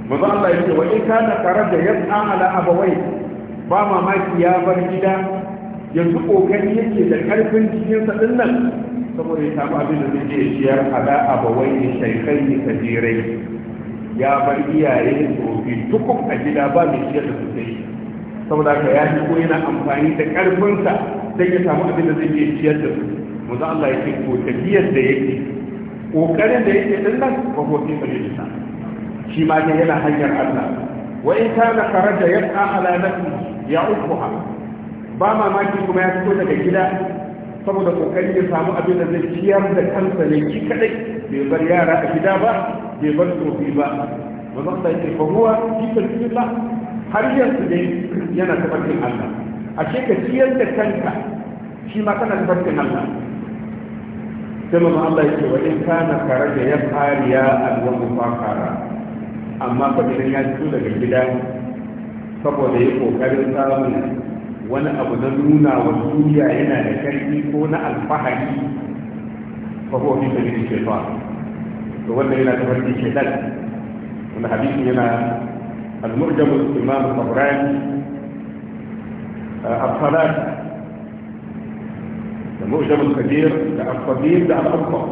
manzo Allah ce wa in kana qarada yas'a ala abawai ba mamaki ya bar gida yanzu kokari yake da karfin cikin sa dinnan saboda ya samu abin da zai je ciyar ala abawai ne shaykhai ne kajirai ya bar iyaye tsofi tukuk a gida ba mai ciyar da sosai saboda ka ya ko yana amfani da karfinsa don ya samu abin da zai je ciyar da su wanda Allah ya ce ko tafiyar da yake kokarin da yake din nan ko ko fi sabilillah shi ma ne yana hanyar Allah wa in kana kharaja yas'a ala nafsi ya'ufuha ba mamaki kuma ya fito daga gida saboda kokari ya samu abin da zai ciyar da kansa ne ki kadai bai bar yara a gida ba bai bar tsofi ba manzo Allah ya ce fa huwa fi sabilillah har yanzu dai yana tabbatin Allah a ce ka ciyar da kanka shi ma kana tabbatin Allah sai mamman Allah yake wa in kana kare da ya fariya alwamu fakara amma fa idan ya fito daga gida saboda ya kokarin samun wani abu na nuna wa duniya yana da karfi ko na alfahari fa huwa fi sabili shaytan to wannan yana tafarki shaytan wannan hadisi yana al-murjam al-imam al-tabrani الصلاة المؤجم الكبير ده القديم ده الأكبر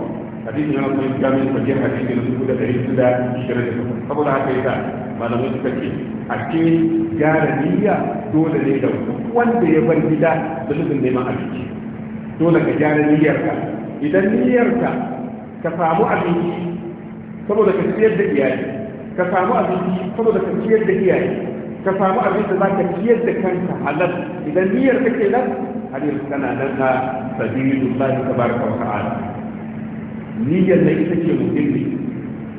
حديث لنا طيب جامع الكبير حديث لنا سكودة تعيش ده الشريط طب ده عكيدا ما لم يتكي أكيد جارنية دولة ليلة وانت يبني ده بلد لما أكيد دولة جارنية إذا نيرك كفامو أبيك saboda ka siyar da iyaye ka samu abinci saboda ka siyar da iyaye ka samu abin da za ka ciyar da kanka halal idan niyyar kake nan har yanzu kana nan na da Allah ta baraka wa ta'ala niyyar da ita ce muhimmi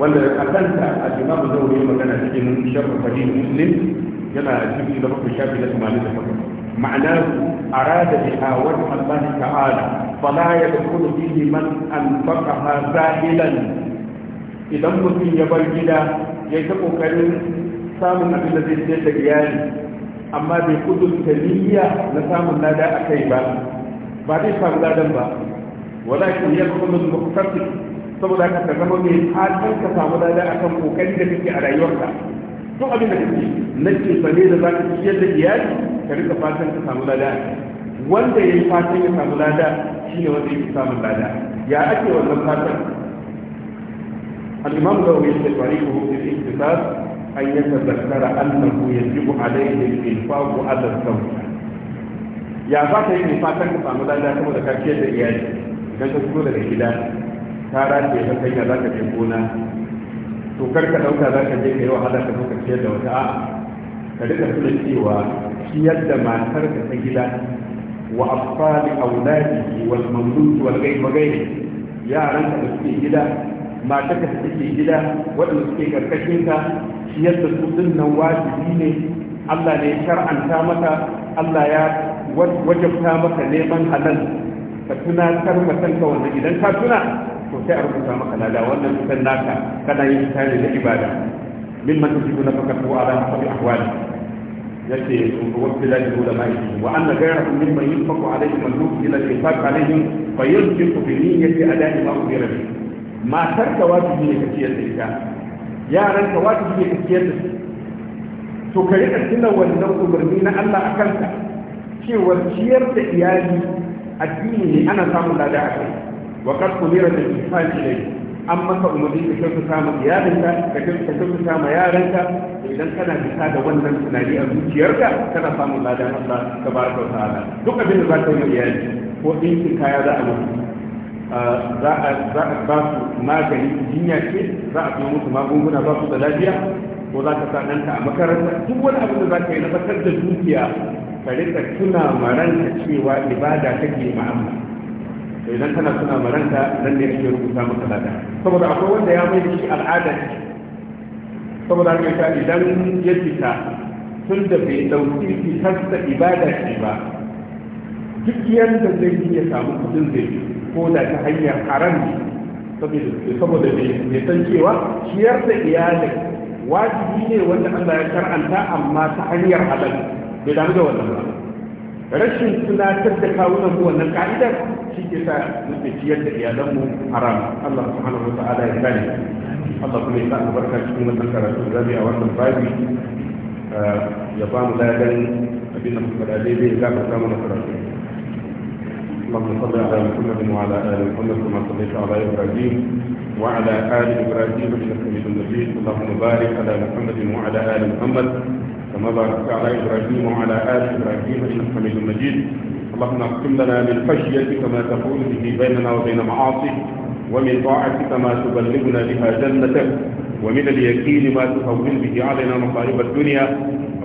wanda a kanta al-Imam da ya magana cikin Sharh Sahih Muslim yana cikin da bakwai shafi na 88 ma'ana arada biha wa Allah ta'ala fala yadkhulu fihi man anfaqaha zahilan idan mutum ya bar gida ya ta kokarin samun abin da zai ce da iyali amma bai kudin niyya na samun lada a kai ba ba zai samu ladan ba ki ya kuma muktafi saboda ka ka zama mai fatan ka samu lada a kan kokari da kake a rayuwarka to abin da kake nake ce sane da za ka ciyar da iyali ka rika fatan ka samu lada wanda ya yi fatan ya samu lada shine wanda yake samun lada ya ake wannan fatan al-imam da wani shekaru ko hukumar iktisar أن يتذكر أنه يجب عليه الإنفاق على الزوجة ya za ka yi nufa kan ka samu lada kuma da kafiyar da iyali idan ka fito daga gida ta race ka kai za ka je gona to kar ka ɗauka za ka je ka yi wahala ka zo ka da wata a'a ka duka tuna cewa ciyar da matar ka ta gida wa afsali auladihi wal mamluk wal ghayr wa ghayr yaran ka da suke gida matar ka take gida waɗanda suke karkashin ka ciyar da su din nan wajibi ne Allah ne shar'anta maka Allah ya wajabta maka neman halal ka tunatar ma kanka wannan idan ka tuna to sai a rubuta maka lada wannan kusan naka kana yin tare da ibada Min mimman tujibu nafaqatu ala hasabi ahwali yake wakila da ulama'i wa anna ghayrahum mimman yunfaqu alayhi maluf ila al-infaq alayhim fa yunfiqu bi niyyati ada'i ma umira bihi matar ka wajibi ne ka ciyar da ita yaran ka wajibi ne ka ciyar da su to ka riƙa tuna wannan umarni na Allah a kanka cewar ciyar da iyali addini ne ana samun lada a kai wa ku kumira da infaqi ne an maka umarni ka kyautu samun iyalinka ka kyautu samun yaranka idan kana fita da wannan tunani a zuciyarka kana samun lada Allah tabaraka wa ta'ala duk abin da za ka yi iyali ko ɗinkin kaya za a mutu za a ba su magani jinya ce za a musu magunguna ba su da lafiya ko za ka sa a makaranta duk wani abin da za ka yi na bakar da dukiya ka rika tuna maranta cewa ibada take ma'amma to idan kana tuna maranta nan ne ake rubuta maka lada saboda akwai wanda ya mai shi al'ada saboda haka ta idan ya fita tun da bai ɗauki fitarsa ibada ce ba duk yadda zai ya samu kudin zai ko da ta hanyar haram saboda mai san cewa ciyar da iyali wajibi ne wanda Allah ya karanta amma ta hanyar halal bai damu da wannan ba rashin tunatar da kawunan mu wannan ka'idar shi ke sa muke ciyar da mu haram Allah subhanahu wa ta'ala ya gane Allah kuma ya sa albarka cikin wannan karatu da zai a wannan babi eh, ya ba mu ladan abin da muka da daidai ya gafarta mana karatu اللهم صل على محمد وعلى ال محمد كما صليت على ابراهيم وعلى ال ابراهيم انك حميد مجيد اللهم بارك على محمد وعلى ال محمد كما باركت على ابراهيم وعلى ال ابراهيم انك حميد مجيد اللهم اقسم لنا من خشيتك ما تقول به بيننا وبين معاصيك ومن طاعتك ما تبلغنا بها جنتك ومن اليقين ما تهون به علينا مصائب الدنيا